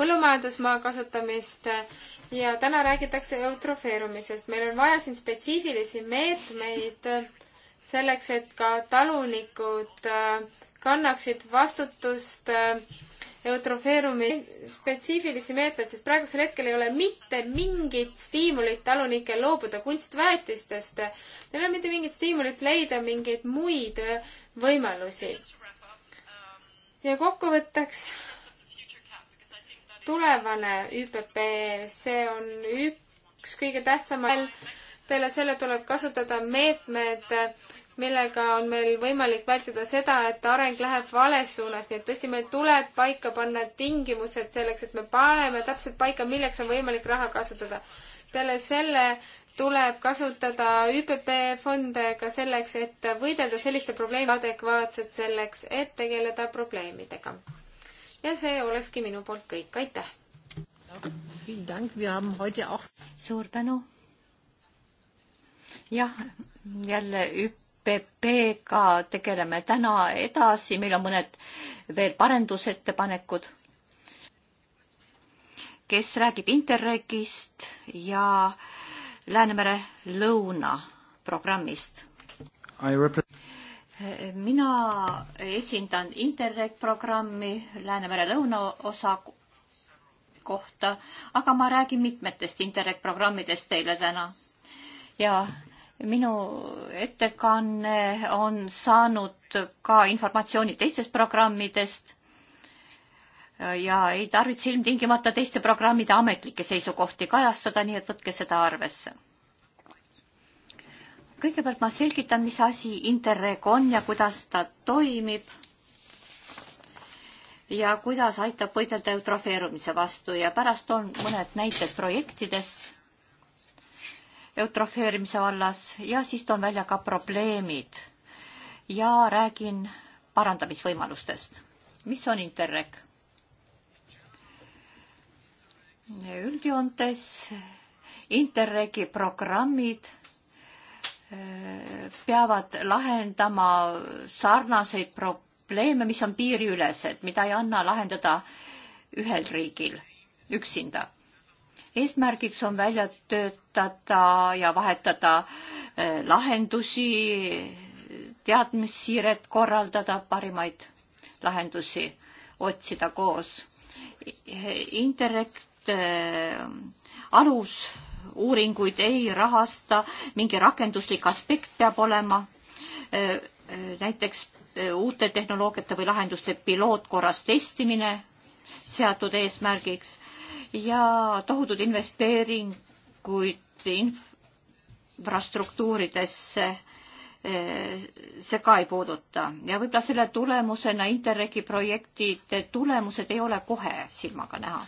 põllumajandusmaa kasutamist ja täna räägitakse eutrofeerumisest. meil on vaja siin spetsiifilisi meetmeid selleks, et ka talunikud äh, kannaksid vastutust äh, eutrofeerumi spetsiifilisi meetmeid, sest praegusel hetkel ei ole mitte mingit stiimulit talunikel loobuda kunstväetistest. Neil ei ole mitte mingit stiimulit leida mingeid muid võimalusi. ja kokkuvõtteks tulevane ÜPP, see on üks kõige tähtsamaid peale selle tuleb kasutada meetmed millega on meil võimalik vältida seda, et areng läheb vales suunas, nii et tõesti, meil tuleb paika panna tingimused selleks, et me paneme täpselt paika, milleks on võimalik raha kasutada. peale selle tuleb kasutada ÜPP fonde ka selleks, et võidelda selliste probleemide adekvaatselt selleks, et tegeleda probleemidega. ja see olekski minu poolt kõik, aitäh! suur tänu! jah, jälle üks ÜPP-ga tegeleme täna edasi, meil on mõned veel parendusettepanekud. kes räägib Interregist ja Läänemere lõunaprogrammist? mina esindan Interreg programmi Läänemere lõunaosa kohta, aga ma räägin mitmetest Interreg programmidest teile täna. ja minu ettekanne on saanud ka informatsiooni teistest programmidest ja ei tarvitse ilmtingimata teiste programmide ametlikke seisukohti kajastada, nii et võtke seda arvesse. kõigepealt ma selgitan, mis asi Interreg on ja kuidas ta toimib ja kuidas aitab võidelda eutrofeerumise vastu ja pärast on mõned näited projektidest eutrofeerimise vallas ja siis toon välja ka probleemid ja räägin parandamisvõimalustest. mis on Interreg? üldjoontes Interregi programmid äh, peavad lahendama sarnaseid probleeme, mis on piiriülesed, mida ei anna lahendada ühel riigil üksinda eesmärgiks on välja töötada ja vahetada eh, lahendusi, teadmissiiret korraldada, parimaid lahendusi otsida koos. Interrekt eh, alusuuringuid ei rahasta, mingi rakenduslik aspekt peab olema, eh, näiteks uute tehnoloogiate või lahenduste pilootkorras testimine seatud eesmärgiks ja tohutud investeeringuid infrastruktuuridesse eh, see ka ei puuduta ja võib-olla selle tulemusena Interregi projektide tulemused ei ole kohe silmaga näha.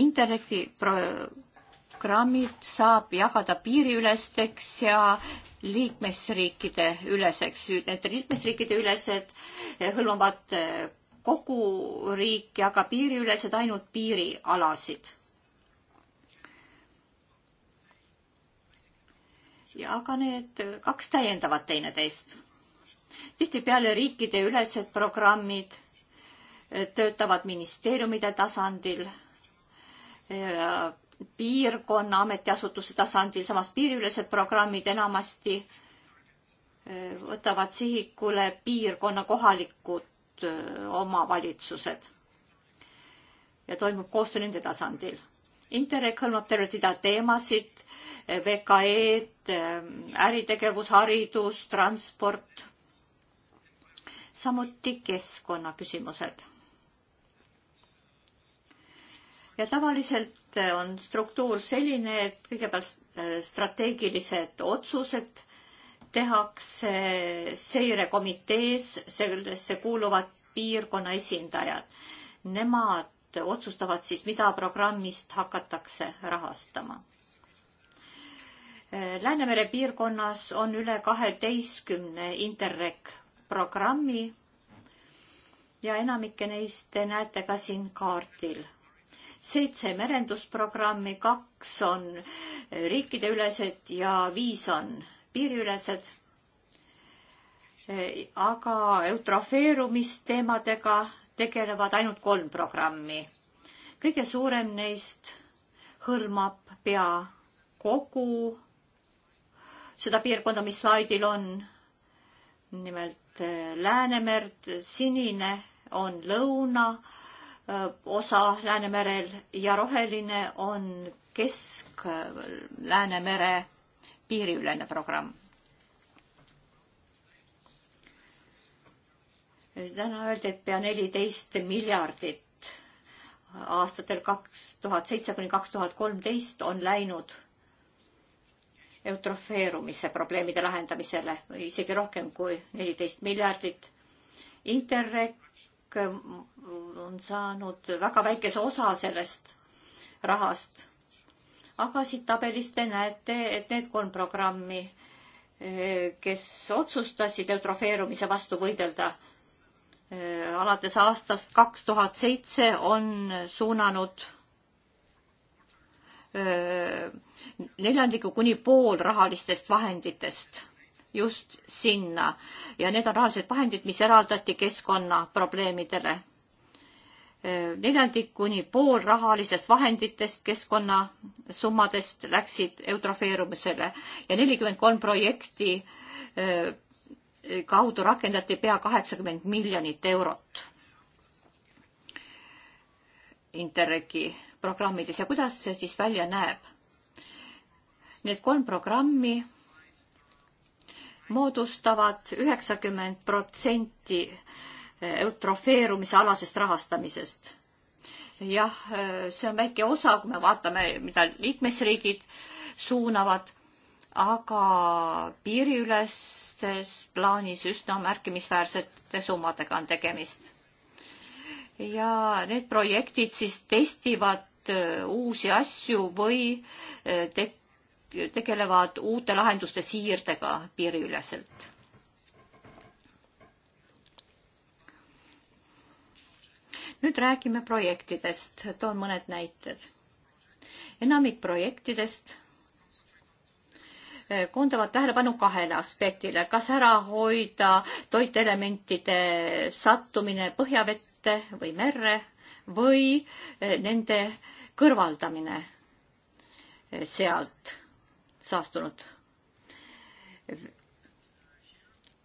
Interregi programmid saab jagada piiriülesteks ja liikmesriikide üleseks. Need liikmesriikide ülesed eh, hõlmavad eh, kogu riiki, aga piiriülesed ainult piirialasid. ja aga need kaks täiendavad teineteist. tihtipeale riikideülesed programmid töötavad ministeeriumide tasandil, piirkonna ametiasutuse tasandil, samas piiriülesed programmid enamasti võtavad sihikule piirkonna kohalikud Äh, omavalitsused ja toimub koostöö nende tasandil. Interreg hõlmab tervet rida teemasid, äh, VKE-d, äh, äritegevus, haridus, transport, samuti keskkonnaküsimused. ja tavaliselt on struktuur selline, et kõigepealt strateegilised otsused tehakse seirekomitees, sellesse kuuluvad piirkonna esindajad. Nemad otsustavad siis, mida programmist hakatakse rahastama. Läänemere piirkonnas on üle kaheteistkümne Interreg programmi ja enamikke neist te näete ka siin kaardil. seitse merendusprogrammi, kaks on riikideülesed ja viis on piiriülesed, eh, aga eutrofeerumisteemadega tegelevad ainult kolm programmi. kõige suurem neist hõlmab pea kogu seda piirkonda, mis slaidil on, nimelt eh, Läänemerd, sinine on lõuna eh, osa Läänemerel ja roheline on kesk Läänemere piiriülene programm. täna öeldi, et pea neliteist miljardit aastatel kaks tuhat seitse kuni kaks tuhat kolmteist on läinud eutrofeerumise probleemide lahendamisele, isegi rohkem kui neliteist miljardit. Interreg on saanud väga väikese osa sellest rahast aga siit tabelist te näete, et need kolm programmi, eh, kes otsustasid eutrofeerumise vastu võidelda, eh, alates aastast kaks tuhat seitse on suunanud eh, neljandiku kuni pool rahalistest vahenditest just sinna ja need on rahalised vahendid, mis eraldati keskkonnaprobleemidele neljandik kuni pool rahalistest vahenditest keskkonnasummadest läksid eutrofeerumisele ja nelikümmend kolm projekti eh, kaudu rakendati pea kaheksakümmend miljonit eurot Interregi programmides ja kuidas see siis välja näeb? Need kolm programmi moodustavad üheksakümmend protsenti eutrofeerumise alasest rahastamisest. jah, see on väike osa, kui me vaatame, mida liikmesriigid suunavad, aga piiriülestes plaanis üsna märkimisväärsete summadega on tegemist. ja need projektid siis testivad äh, uusi asju või äh, te tegelevad uute lahenduste siirdega piiriüleselt nüüd räägime projektidest, toon mõned näited. enamik projektidest eh, koondavad tähelepanu kahele aspektile, kas ära hoida toitelementide sattumine põhjavette või merre või eh, nende kõrvaldamine eh, sealt saastunud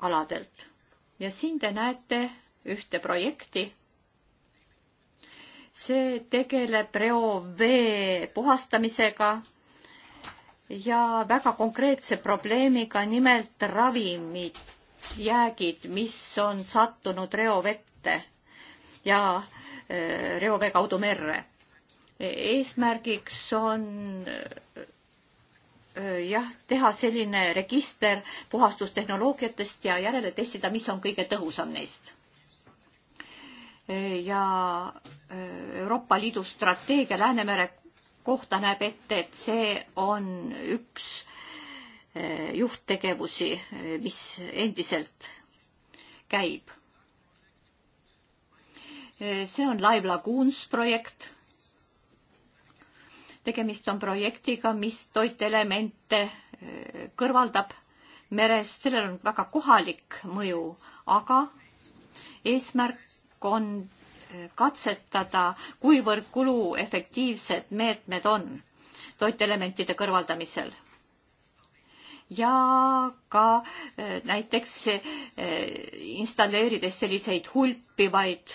aladelt. ja siin te näete ühte projekti see tegeleb reovee puhastamisega ja väga konkreetse probleemiga, nimelt ravimid, jäägid, mis on sattunud reovette ja äh, reovee kaudu merre. E-, eesmärgiks on äh, jah, teha selline register puhastustehnoloogiatest ja järele testida, mis on kõige tõhusam neist ja äh, Euroopa Liidu strateegia Läänemere kohta näeb ette, et see on üks äh, juhttegevusi, äh, mis endiselt käib. see on Live Lagoons projekt. tegemist on projektiga, mis toitelemente kõrvaldab merest, sellel on väga kohalik mõju, aga eesmärk on eh, katsetada, kuivõrd kuluefektiivsed meetmed on toitelementide kõrvaldamisel. ja ka eh, näiteks eh, installeerides selliseid hulpivaid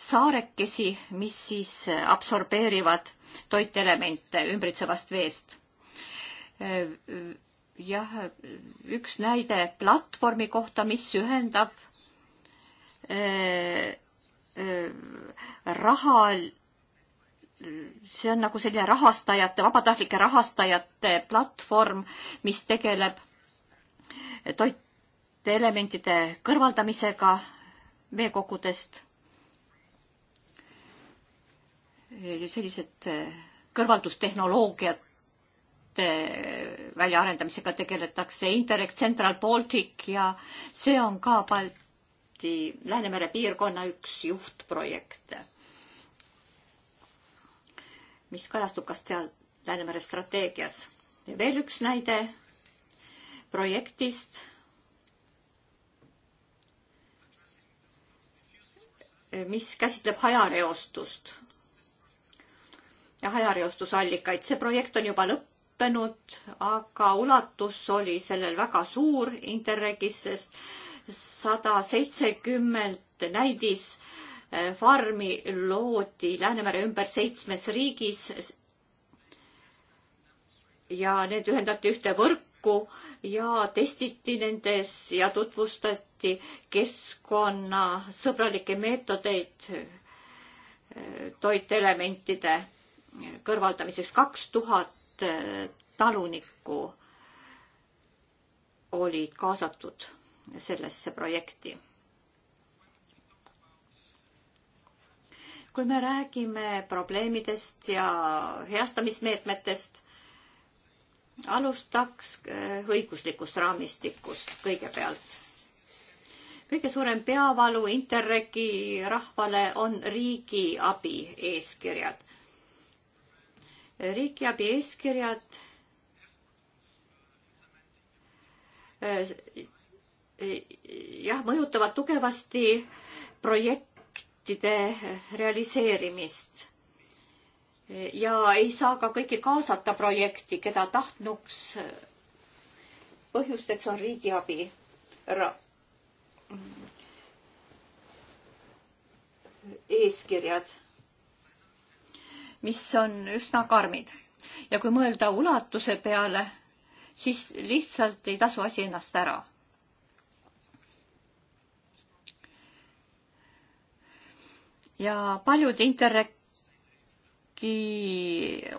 saarekesi, mis siis absorbeerivad toitelemente ümbritsevast veest. jah, üks näide platvormi kohta, mis ühendab Äh, äh, raha, see on nagu selline rahastajate, vabatahtlike rahastajate platvorm, mis tegeleb toitelementide kõrvaldamisega veekogudest. sellised äh, kõrvaldustehnoloogiad väljaarendamisega tegeletakse, Interreg Central Baltic ja see on ka pal-, samuti Läänemere piirkonna üks juhtprojekte, mis kajastub ka seal Läänemere strateegias. ja veel üks näide projektist, mis käsitleb hajareostust ja hajareostusallikaid. see projekt on juba lõppenud, aga ulatus oli sellel väga suur Interregis, sest sada seitsekümmend näidisfarmi eh, loodi Läänemere ümber seitsmes riigis. ja need ühendati ühte võrku ja testiti nendes ja tutvustati keskkonnasõbralikke meetodeid eh, toitelementide kõrvaldamiseks. kaks tuhat eh, talunikku olid kaasatud sellesse projekti. kui me räägime probleemidest ja heastamismeetmetest, alustaks äh, õiguslikust raamistikust kõigepealt kõige suurem peavalu Interregi rahvale on riigiabi eeskirjad. riigiabi eeskirjad äh, jah, mõjutavad tugevasti projektide realiseerimist. ja ei saa ka kõiki kaasata projekti, keda tahtnuks. põhjusteks on riigiabi eeskirjad, mis on üsna karmid ja kui mõelda ulatuse peale, siis lihtsalt ei tasu asi ennast ära ja paljud Interregi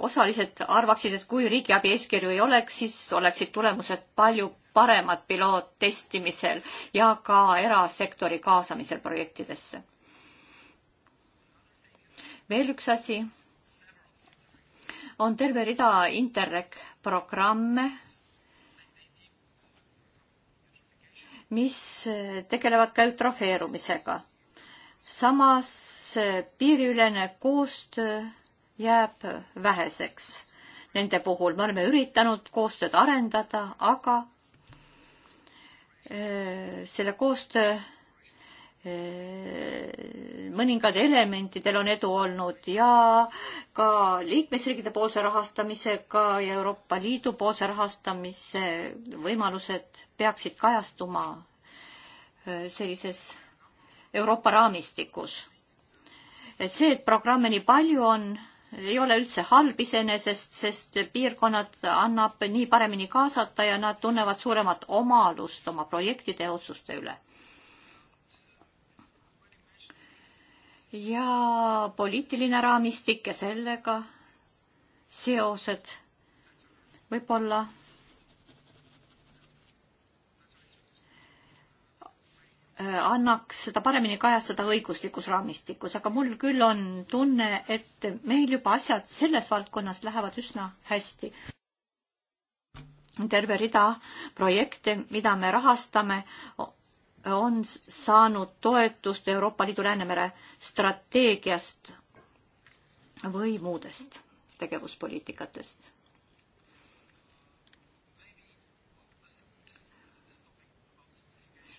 osalised arvaksid, et kui riigiabi eeskirju ei oleks, siis oleksid tulemused palju paremad piloottestimisel ja ka erasektori kaasamisel projektidesse. veel üks asi. on terve rida Interreg programme, mis tegelevad ka eutrofeerumisega. samas see piiriülene koostöö jääb väheseks nende puhul. me oleme üritanud koostööd arendada, aga äh, selle koostöö äh, mõningad elementidel on edu olnud ja ka liikmesriikide poolse rahastamisega ja Euroopa Liidu poolse rahastamise võimalused peaksid kajastuma äh, sellises Euroopa raamistikus et see, et programme nii palju on, ei ole üldse halb iseenesest, sest piirkonnad annab nii paremini kaasata ja nad tunnevad suuremat omalust oma projektide ja otsuste üle. ja poliitiline raamistik ja sellega seosed võib-olla Äh, annaks seda paremini kajastada õiguslikus raamistikus, aga mul küll on tunne, et meil juba asjad selles valdkonnas lähevad üsna hästi. terve rida projekte, mida me rahastame, on saanud toetust Euroopa Liidu Läänemere strateegiast või muudest tegevuspoliitikatest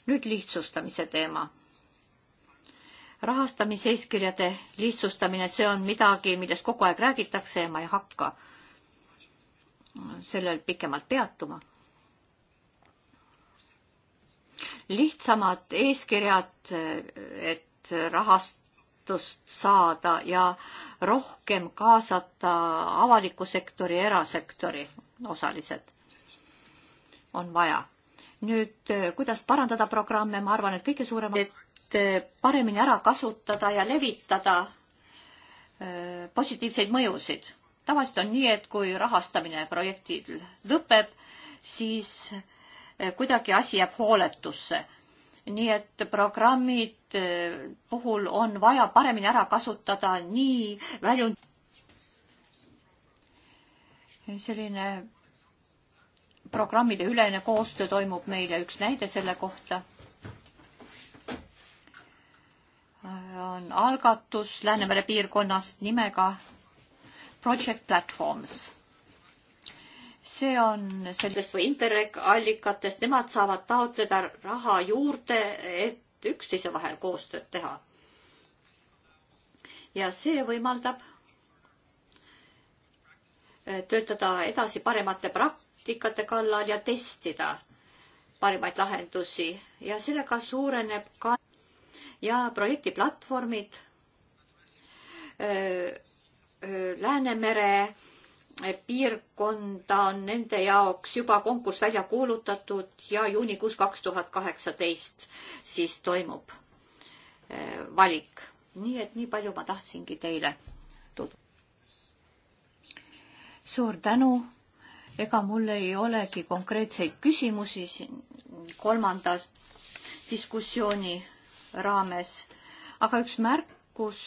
nüüd lihtsustamise teema. rahastamiseeskirjade lihtsustamine, see on midagi, millest kogu aeg räägitakse ja ma ei hakka sellel pikemalt peatuma. lihtsamad eeskirjad, et rahastust saada ja rohkem kaasata avaliku sektori, erasektori osalised on vaja nüüd, eh, kuidas parandada programme, ma arvan, et kõige suurem, et eh, paremini ära kasutada ja levitada eh, positiivseid mõjusid. tavaliselt on nii, et kui rahastamine projektil lõpeb, siis kuidagi asi jääb hooletusse. nii et programmid puhul on vaja paremini ära kasutada nii väljund selline programmide ülene koostöö toimub meil ja üks näide selle kohta on algatus Läänemere piirkonnast nimega Project Platforms. see on sellest või Interreg allikatest, nemad saavad taotleda raha juurde, et üksteise vahel koostööd teha. ja see võimaldab äh, töötada edasi paremate prak-, praktikate kallal ja testida parimaid lahendusi ja sellega suureneb ka ja projektiplatvormid Läänemere piirkonda on nende jaoks juba konkurss välja kuulutatud ja juunikuus kaks tuhat kaheksateist siis toimub valik. nii et nii palju ma tahtsingi teile tutvuda. suur tänu ega mul ei olegi konkreetseid küsimusi siin kolmanda diskussiooni raames, aga üks märkus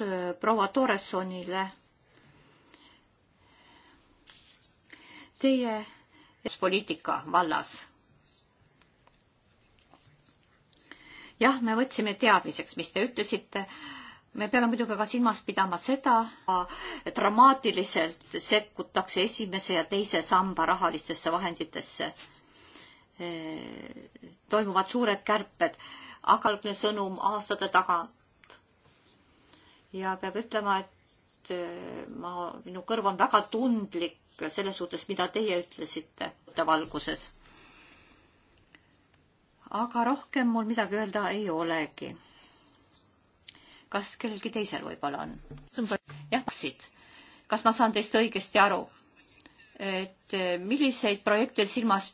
äh, proua Torresonile. Teie poliitika vallas. jah, me võtsime teadmiseks, mis te ütlesite me peame muidugi ka silmas pidama seda, dramaatiliselt sekkutakse esimese ja teise samba rahalistesse vahenditesse. toimuvad suured kärped, agalgne sõnum aastate tagant. ja peab ütlema, et ma, minu kõrv on väga tundlik selles suhtes, mida teie ütlesite valguses. aga rohkem mul midagi öelda ei olegi kas kellelgi teisel võib-olla on? jah, kassid. kas ma saan teist õigesti aru? et eh, milliseid projekte silmas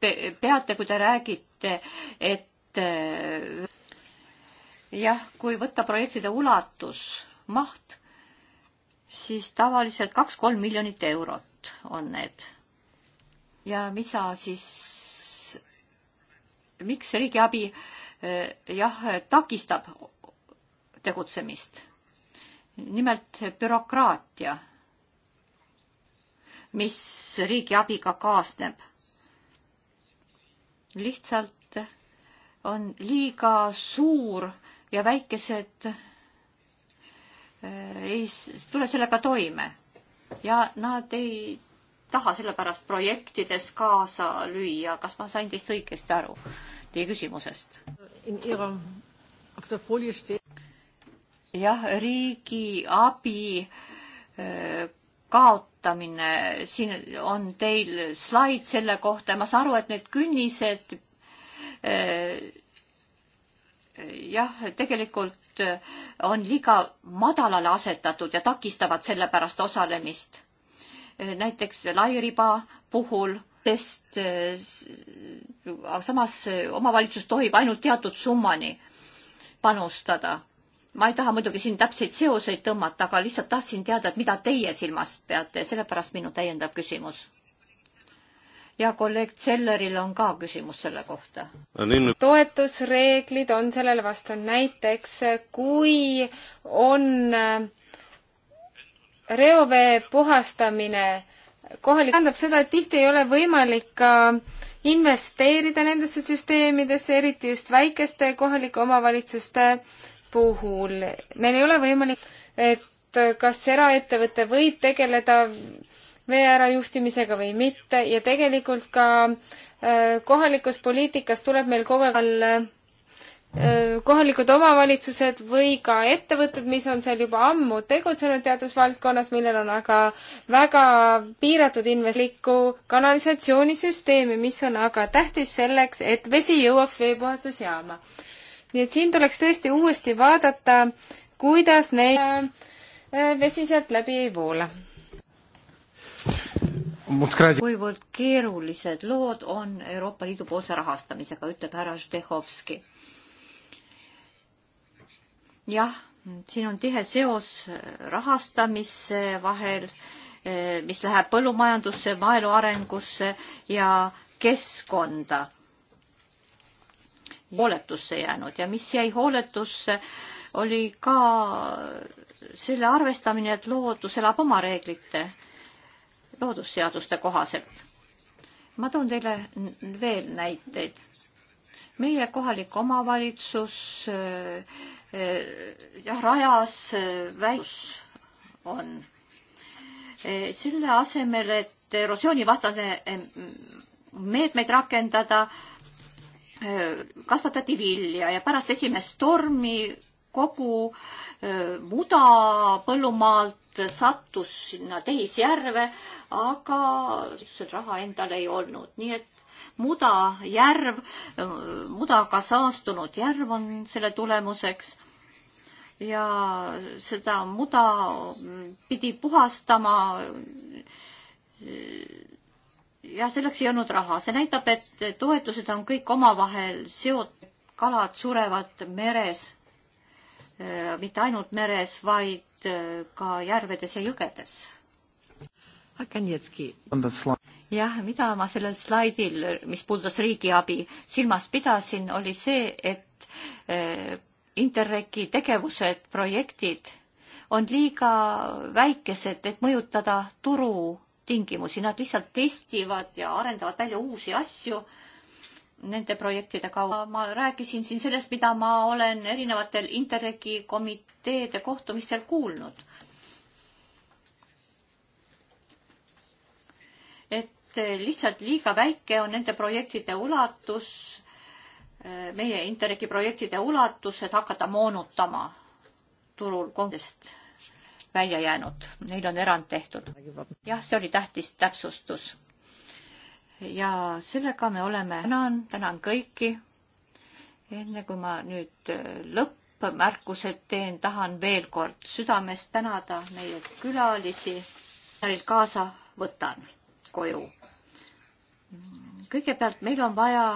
pe peate, kui te räägite, et eh, jah, kui võtta projektide ulatus, maht, siis tavaliselt kaks-kolm miljonit eurot on need. ja mida siis, miks riigiabi eh, jah, takistab tegutsemist. nimelt bürokraatia, mis riigi abiga kaasneb. lihtsalt on liiga suur ja väikesed eh, ei tule sellega toime ja nad ei taha sellepärast projektides kaasa lüüa. kas ma sain teist õigesti aru, teie küsimusest? jah, riigi abi äh, kaotamine, siin on teil slaid selle kohta ja ma saan aru, et need künnised äh, jah, tegelikult äh, on liiga madalale asetatud ja takistavad sellepärast osalemist. näiteks lairiba puhul, sest samas omavalitsus tohib ainult teatud summani panustada ma ei taha muidugi siin täpseid seoseid tõmmata, aga lihtsalt tahtsin teada, et mida teie silmas peate, sellepärast minu täiendav küsimus. ja kolleeg Zelleril on ka küsimus selle kohta. toetusreeglid on sellele vastu, näiteks kui on äh, reovee puhastamine kohalik, tähendab seda, et tihti ei ole võimalik ka investeerida nendesse süsteemidesse, eriti just väikeste kohalike omavalitsuste äh, puhul, neil ei ole võimalik, et kas eraettevõte võib tegeleda vee ärajuhtimisega või mitte ja tegelikult ka äh, kohalikus poliitikas tuleb meil kogu aeg all äh, kohalikud omavalitsused või ka ettevõtted, mis on seal juba ammu tegutsenud teadusvaldkonnas, millel on aga väga piiratud investeeringu kanalisatsioonisüsteemi, mis on aga tähtis selleks, et vesi jõuaks veepuhastusjaama nii et siin tuleks tõesti uuesti vaadata, kuidas neid äh, vesi sealt läbi ei voola. kuivõrd keerulised lood on Euroopa Liidu poolse rahastamisega, ütleb härra Štehovski. jah, siin on tihe seos rahastamise vahel, eh, mis läheb põllumajandusse, maaelu arengusse ja keskkonda hooletusse jäänud ja mis jäi hooletusse, oli ka selle arvestamine, et loodus elab oma reeglite, loodusseaduste kohaselt. ma toon teile veel näiteid. meie kohalik omavalitsus eh, jah, rajas eh, väikus on. Eh, selle asemel, et erosioonivastane meetmeid rakendada, Äh, kasvatati vilja ja pärast esimest tormi kogu äh, muda põllumaalt sattus sinna tehisjärve, aga seal raha endal ei olnud, nii et muda järv, äh, mudaga saastunud järv on selle tulemuseks. ja seda muda pidi puhastama jah, selleks ei olnud raha, see näitab, et toetused on kõik omavahel seotud, kalad surevad meres, äh, mitte ainult meres, vaid äh, ka järvedes ja jõgedes. jah, mida ma sellel slaidil, mis puudutas riigiabi, silmas pidasin, oli see, et äh, Interregi tegevused, projektid on liiga väikesed, et mõjutada turu tingimusi, nad lihtsalt testivad ja arendavad välja uusi asju nende projektide kaudu. ma rääkisin siin sellest, mida ma olen erinevatel Interregi komiteede kohtumistel kuulnud. et lihtsalt liiga väike on nende projektide ulatus, meie Interregi projektide ulatus, et hakata moonutama turul kongest välja jäänud, neil on erand tehtud. jah, see oli tähtis täpsustus. ja sellega me oleme, tänan, tänan kõiki. enne kui ma nüüd äh, lõppmärkused teen, tahan veel kord südamest tänada meie külalisi. Neid kaasa võtan koju. kõigepealt meil on vaja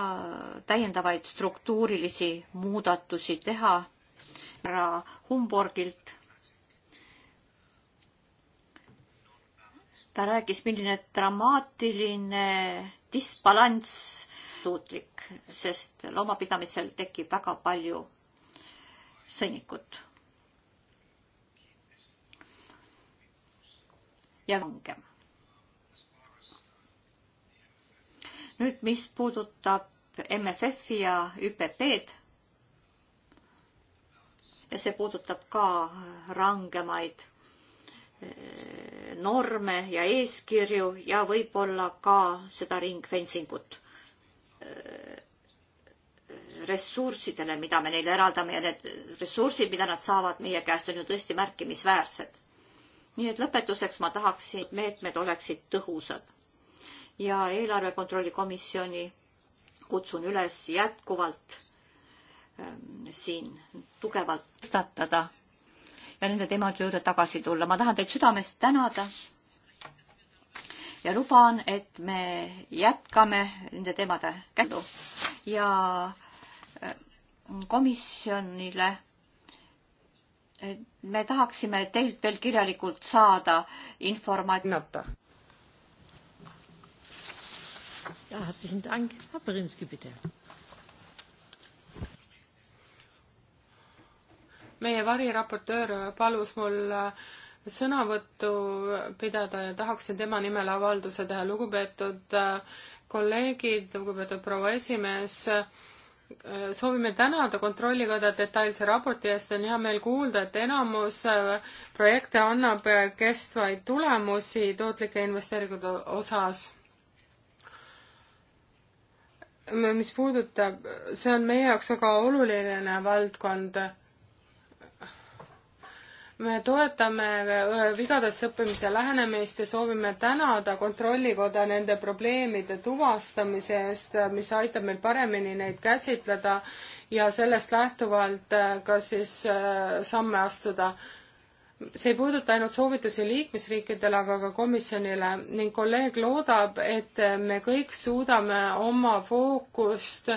täiendavaid struktuurilisi muudatusi teha härra Humborgilt ta rääkis, milline dramaatiline disbalanss suutlik, sest loomapidamisel tekib väga palju sõnnikut. ja langem. nüüd, mis puudutab MFF-i ja ÜPP-d ja see puudutab ka rangemaid Eh, norme ja eeskirju ja võib-olla ka seda ringfensingut eh, ressurssidele, mida me neile eraldame ja need ressursid, mida nad saavad meie käest, on ju tõesti märkimisväärsed. nii et lõpetuseks ma tahaksin, et meetmed oleksid tõhusad. ja eelarve kontrolli komisjoni kutsun üles jätkuvalt ähm, siin tugevalt tõstatada ja nende teemade juurde tagasi tulla. ma tahan teid südamest tänada ja luban, et me jätkame nende teemade käidu ja äh, komisjonile me tahaksime teilt veel kirjalikult saada informatsiooni. Ja, herzlichen Dank. Herr Berinski, bitte. meie variraportöör palus mul äh, sõnavõttu pidada ja tahaksin tema nimel avalduse teha. lugupeetud äh, kolleegid, lugupeetud proua esimees, äh, soovime tänada Kontrollikoda detailse raporti eest, on hea meel kuulda, et enamus projekte annab kestvaid tulemusi tootlike investeeringute osas. mis puudutab, see on meie jaoks väga oluline valdkond me toetame äh, vigadest õppimise lähenemist ja soovime tänada Kontrollikoda nende probleemide tuvastamise eest, äh, mis aitab meil paremini neid käsitleda ja sellest lähtuvalt äh, ka siis samme astuda see ei puuduta ainult soovitusi liikmesriikidele, aga ka komisjonile ning kolleeg loodab, et me kõik suudame oma fookust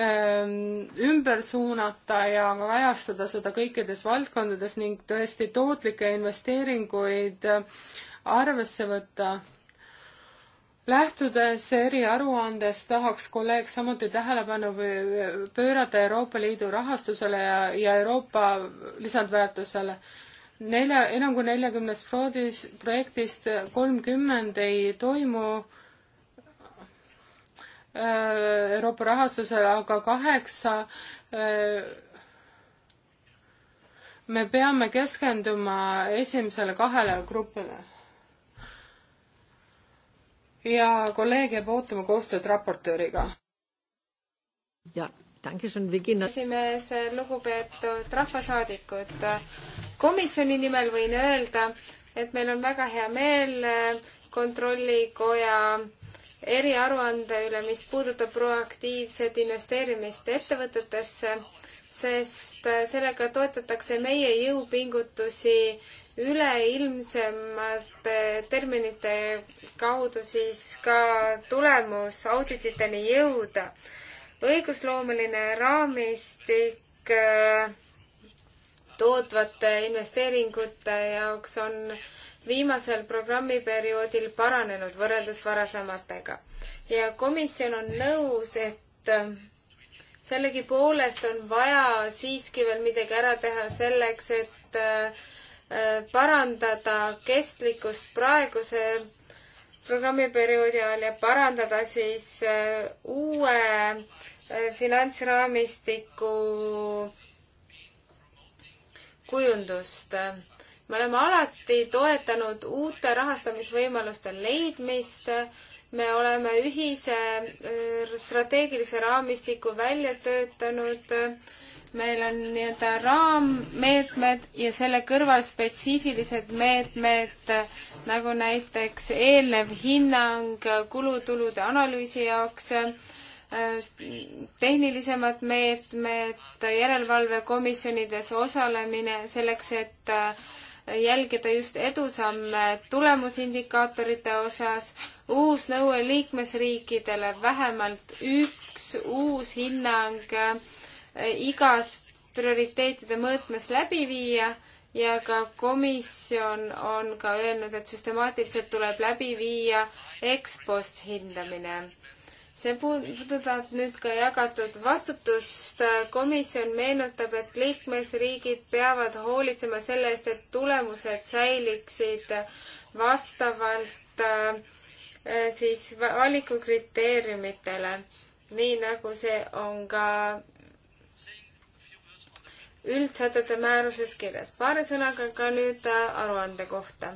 Ähm, ümber suunata ja kajastada seda kõikides valdkondades ning tõesti tootlikke investeeringuid äh, arvesse võtta. lähtudes eriaruandest tahaks kolleeg samuti tähelepanu pöörata Euroopa Liidu rahastusele ja, ja Euroopa lisandväärtusele nelja, enam kui neljakümnest projektist kolmkümmend ei toimu äh, Äh, Euroopa rahastusele, aga kaheksa äh, me peame keskenduma esimesele kahele grupile. ja kolleeg jääb ootama koostööd raportööriga. jah, esimees, lugupeetud rahvasaadikud, komisjoni nimel võin öelda, et meil on väga hea meel äh, kontrollikoja eriaruande üle, mis puudutab proaktiivset investeerimist ettevõtetesse, sest sellega toetatakse meie jõupingutusi üleilmsemate terminite kaudu siis ka tulemusaudititeni jõuda. õigusloomeline raamistik äh, tootvate investeeringute jaoks on viimasel programmiperioodil paranenud võrreldes varasematega. ja komisjon on nõus, et äh, sellegipoolest on vaja siiski veel midagi ära teha selleks, et äh, äh, parandada kestlikkust praeguse programmiperioodi ajal ja parandada siis uue finantsraamistiku kujundust me oleme alati toetanud uute rahastamisvõimaluste leidmist, me oleme ühise äh, strateegilise raamistiku välja töötanud, meil on nii-öelda raammeetmed ja selle kõrval spetsiifilised meetmed, nagu näiteks eelnev hinnang kulutulude analüüsi jaoks, äh, tehnilisemad meetmed, järelevalvekomisjonides osalemine selleks, et äh, jälgida just edusamme tulemusindikaatorite osas, uus nõue liikmesriikidele, vähemalt üks uus hinnang eh, igas prioriteetide mõõtmes läbi viia ja ka komisjon on ka öelnud, et süstemaatiliselt tuleb läbi viia ekspost hindamine see puudutab nüüd ka jagatud vastutust. komisjon meenutab, et liikmesriigid peavad hoolitsema selle eest, et tulemused säiliksid vastavalt äh, siis valikukriteeriumitele, nii nagu see on ka üldsätete määruses kirjas. paari sõnaga ka nüüd äh, aruande kohta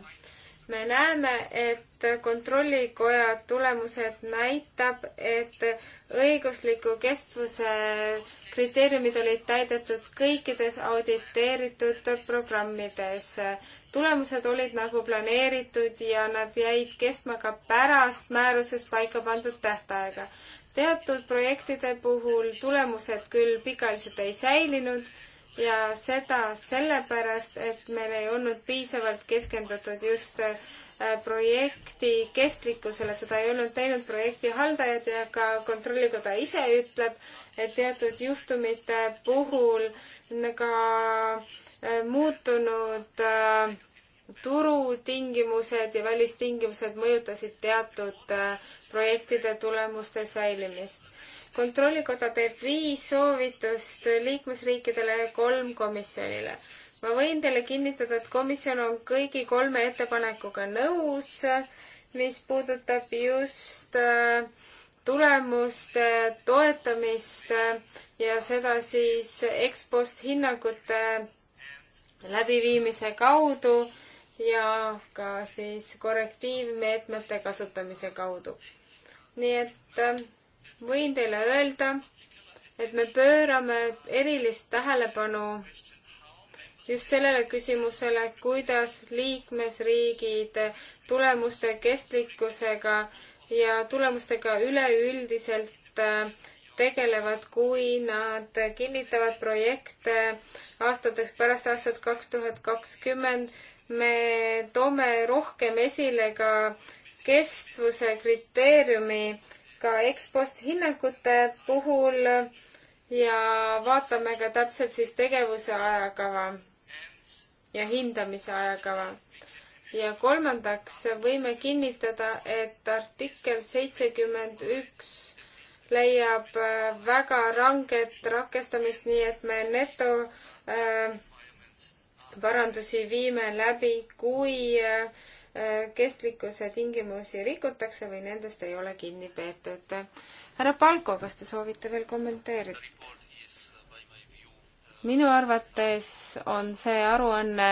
me näeme, et kontrollikoja tulemused näitab, et õigusliku kestvuse kriteeriumid olid täidetud kõikides auditeeritud programmides. tulemused olid nagu planeeritud ja nad jäid kestma ka pärast määruses paika pandud tähtaega. teatud projektide puhul tulemused küll pikaajaliselt ei säilinud ja seda sellepärast, et meil ei olnud piisavalt keskendutud just äh, projekti kestlikkusele, seda ei olnud teinud projekti haldajad ja ka Kontrollikoda ise ütleb, et teatud juhtumite puhul ka äh, muutunud äh, turutingimused ja välistingimused mõjutasid teatud projektide tulemuste säilimist kontrollikoda teeb viis soovitust liikmesriikidele ja kolm komisjonile. ma võin teile kinnitada, et komisjon on kõigi kolme ettepanekuga nõus, mis puudutab just äh, tulemuste toetamist ja seda siis ekspost hinnangute läbiviimise kaudu ja ka siis korrektiivmeetmete kasutamise kaudu. nii et äh, võin teile öelda, et me pöörame erilist tähelepanu just sellele küsimusele, kuidas liikmesriigid tulemuste kestlikkusega ja tulemustega üleüldiselt äh, tegelevad, kui nad kinnitavad projekte aastateks pärast aastat kaks tuhat kakskümmend. me toome rohkem esile ka kestvuse kriteeriumi ka ekspost hinnangute puhul ja vaatame ka täpselt siis tegevuse ajakava ja hindamise ajakava. ja kolmandaks võime kinnitada, et artikkel seitsekümmend üks leiab äh, väga ranget rakestamist, nii et me neto äh, parandusi viime läbi, kui äh, kestlikkuse tingimusi rikutakse või nendest ei ole kinni peetud. härra Palko, kas te soovite veel kommenteerida? minu arvates on see aruanne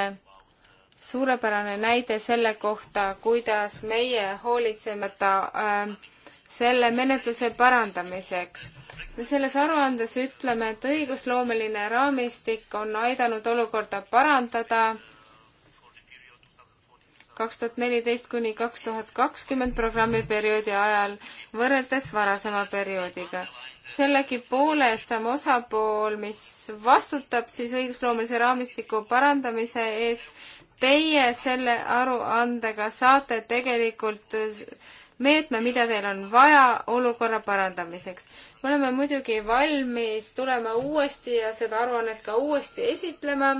suurepärane näide selle kohta, kuidas meie hoolitseme ta äh, selle menetluse parandamiseks. me selles aruandes ütleme, et õigusloomeline raamistik on aidanud olukorda parandada kaks tuhat neliteist kuni kaks tuhat kakskümmend programmiperioodi ajal võrreldes varasema perioodiga. sellegipoolest saame osapool, mis vastutab siis õigusloomelise raamistiku parandamise eest, teie selle aruandega saate tegelikult meetme, mida teil on vaja olukorra parandamiseks. me oleme muidugi valmis tulema uuesti ja seda aruannet ka uuesti esitlema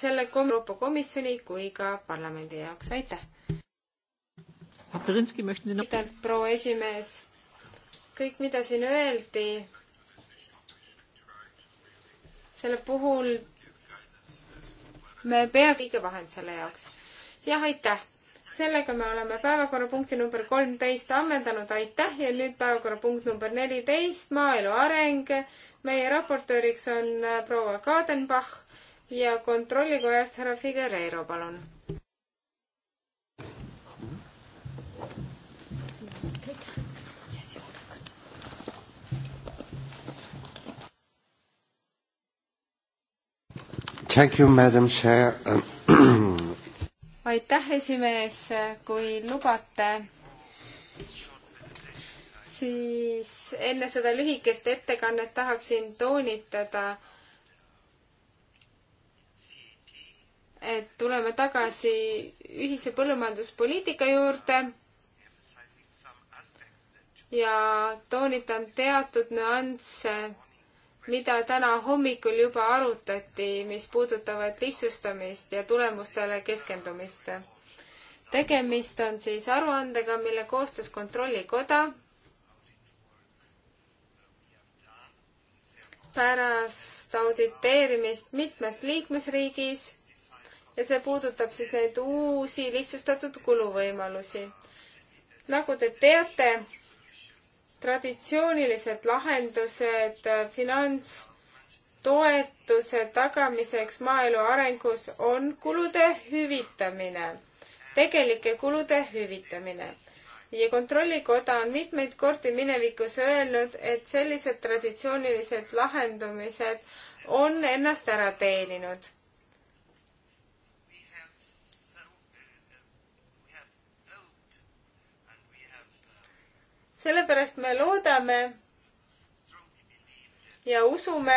selle Euroopa Komisjoni kui ka parlamendi jaoks, aitäh! aitäh, proua esimees! kõik, mida siin öeldi, selle puhul me peame õige vahend selle jaoks. jah, aitäh! sellega me oleme päevakorrapunkti number kolmteist ammendanud, aitäh ja nüüd päevakorrapunkt number neliteist, maaelu areng. meie raportööriks on äh, proua Kadenbach ja kontrollikojast härra Figuereiro, palun. Thank you, madam chair aitäh, esimees, kui lubate, siis enne seda lühikest ettekannet tahaksin toonitada, et tuleme tagasi ühise põllumajanduspoliitika juurde ja toonitan teatud nüansse, mida täna hommikul juba arutati, mis puudutavad lihtsustamist ja tulemustele keskendumist. tegemist on siis aruandega, mille koostas Kontrollikoda pärast auditeerimist mitmes liikmesriigis ja see puudutab siis neid uusi lihtsustatud kuluvõimalusi. nagu te teate, traditsioonilised lahendused äh, finantstoetuse tagamiseks maaelu arengus on kulude hüvitamine, tegelike kulude hüvitamine ja Kontrollikoda on mitmeid kordi minevikus öelnud, et sellised traditsioonilised lahendumised on ennast ära teeninud. sellepärast me loodame ja usume,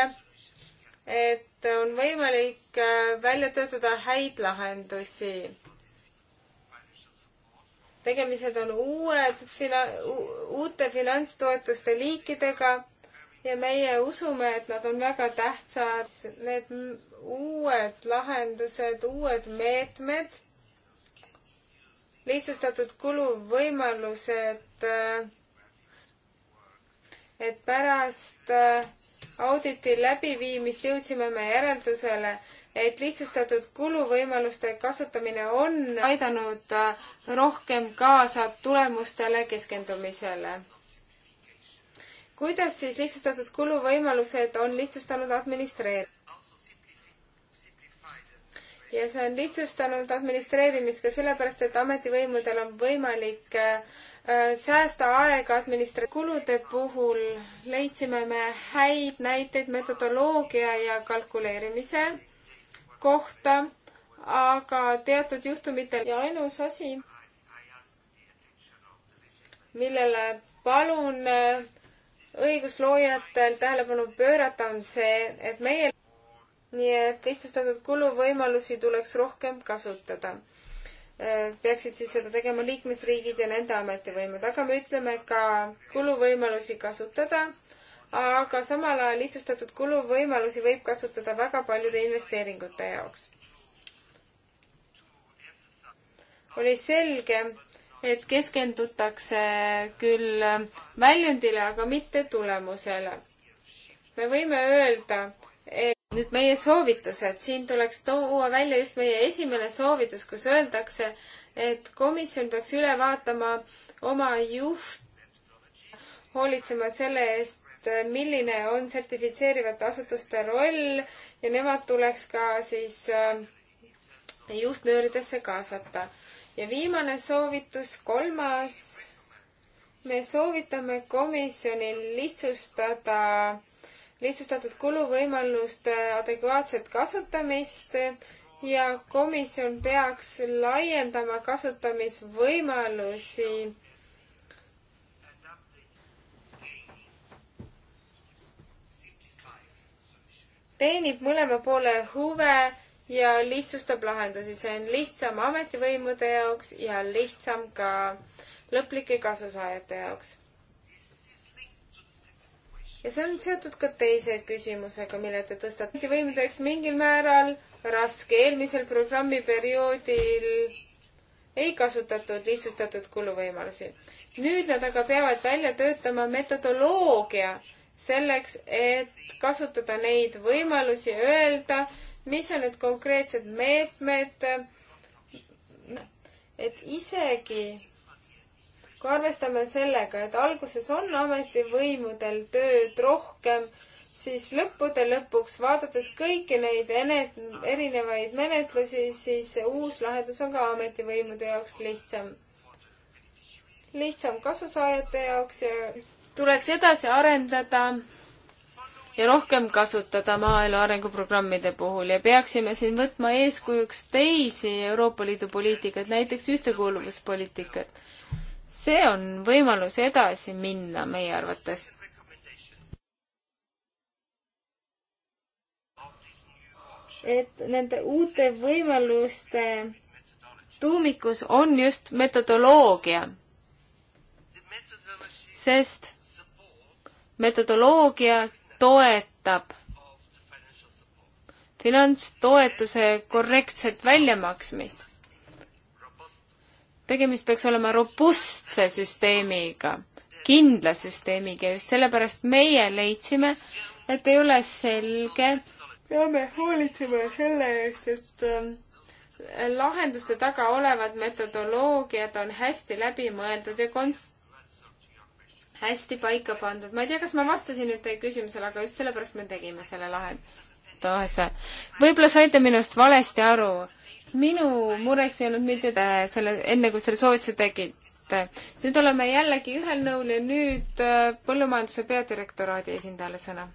et on võimalik äh, välja töötada häid lahendusi. tegemised on uued fina-, uute finantstoetuste liikidega ja meie usume, et nad on väga tähtsad, need uued lahendused, uued meetmed, lihtsustatud kuluvõimalused äh, et pärast äh, auditi läbiviimist jõudsime me järeldusele, et lihtsustatud kuluvõimaluste kasutamine on aidanud äh, rohkem kaasa tulemustele keskendumisele. kuidas siis lihtsustatud kuluvõimalused on lihtsustanud administreerimist? ja see on lihtsustanud administreerimist ka sellepärast, et ametivõimudel on võimalik äh, Äh, säästa aega administratiivkulude puhul leidsime me häid näiteid metodoloogia ja kalkuleerimise kohta, aga teatud juhtumitel ja ainus asi, millele palun äh, õigusloojatel tähelepanu pöörata, on see, et meie, nii et lihtsustatud kuluvõimalusi tuleks rohkem kasutada Äh, peaksid siis seda tegema liikmesriigid ja nende ametivõimed, aga me ütleme ka kuluvõimalusi kasutada, aga samal ajal lihtsustatud kuluvõimalusi võib kasutada väga paljude investeeringute jaoks. oli selge, et keskendutakse küll väljundile, aga mitte tulemusele. me võime öelda, nüüd meie soovitused, siin tuleks tuua välja just meie esimene soovitus, kus öeldakse, et komisjon peaks üle vaatama oma juht, hoolitsema selle eest, milline on sertifitseerivate asutuste roll ja nemad tuleks ka siis äh, juhtnööridesse kaasata. ja viimane soovitus, kolmas, me soovitame komisjonil lihtsustada lihtsustatud kuluvõimaluste adekvaatset kasutamist ja komisjon peaks laiendama kasutamisvõimalusi teenib mõlema poole huve ja lihtsustab lahendusi. see on lihtsam ametivõimude jaoks ja lihtsam ka lõplike kasusaajate jaoks ja see on seotud ka teise küsimusega, mille te tõstatate. võimudeks mingil määral raske. eelmisel programmiperioodil ei kasutatud lihtsustatud kuluvõimalusi. nüüd nad aga peavad välja töötama metodoloogia selleks, et kasutada neid võimalusi, öelda, mis on need konkreetsed meetmed, et isegi kui arvestame sellega, et alguses on ametivõimudel tööd rohkem, siis lõppude lõpuks, vaadates kõiki neid ene-, erinevaid menetlusi, siis see uus lahendus on ka ametivõimude jaoks lihtsam. lihtsam kasusaajate jaoks ja tuleks edasi arendada ja rohkem kasutada maaelu arenguprogrammide puhul ja peaksime siin võtma eeskujuks teisi Euroopa Liidu poliitikaid, näiteks ühtekuuluvuspoliitikat see on võimalus edasi minna meie arvates. et nende uute võimaluste tuumikus on just metodoloogia, sest metodoloogia toetab finantstoetuse korrektset väljamaksmist tegemist peaks olema robustse süsteemiga, kindla süsteemiga, just sellepärast meie leidsime, et ei ole selge. peame hoolitsema selle eest, et äh, lahenduste taga olevad metodoloogiad on hästi läbimõeldud ja konst-, hästi paika pandud. ma ei tea, kas ma vastasin nüüd teie küsimusele, aga just sellepärast me tegime selle lahenduse. võib-olla saite minust valesti aru, minu mureks ei olnud mitte äh, selle, enne kui selle soovituse tegite. nüüd oleme jällegi ühel nõul ja nüüd äh, põllumajanduse peadirektoraadi esindajale sõna.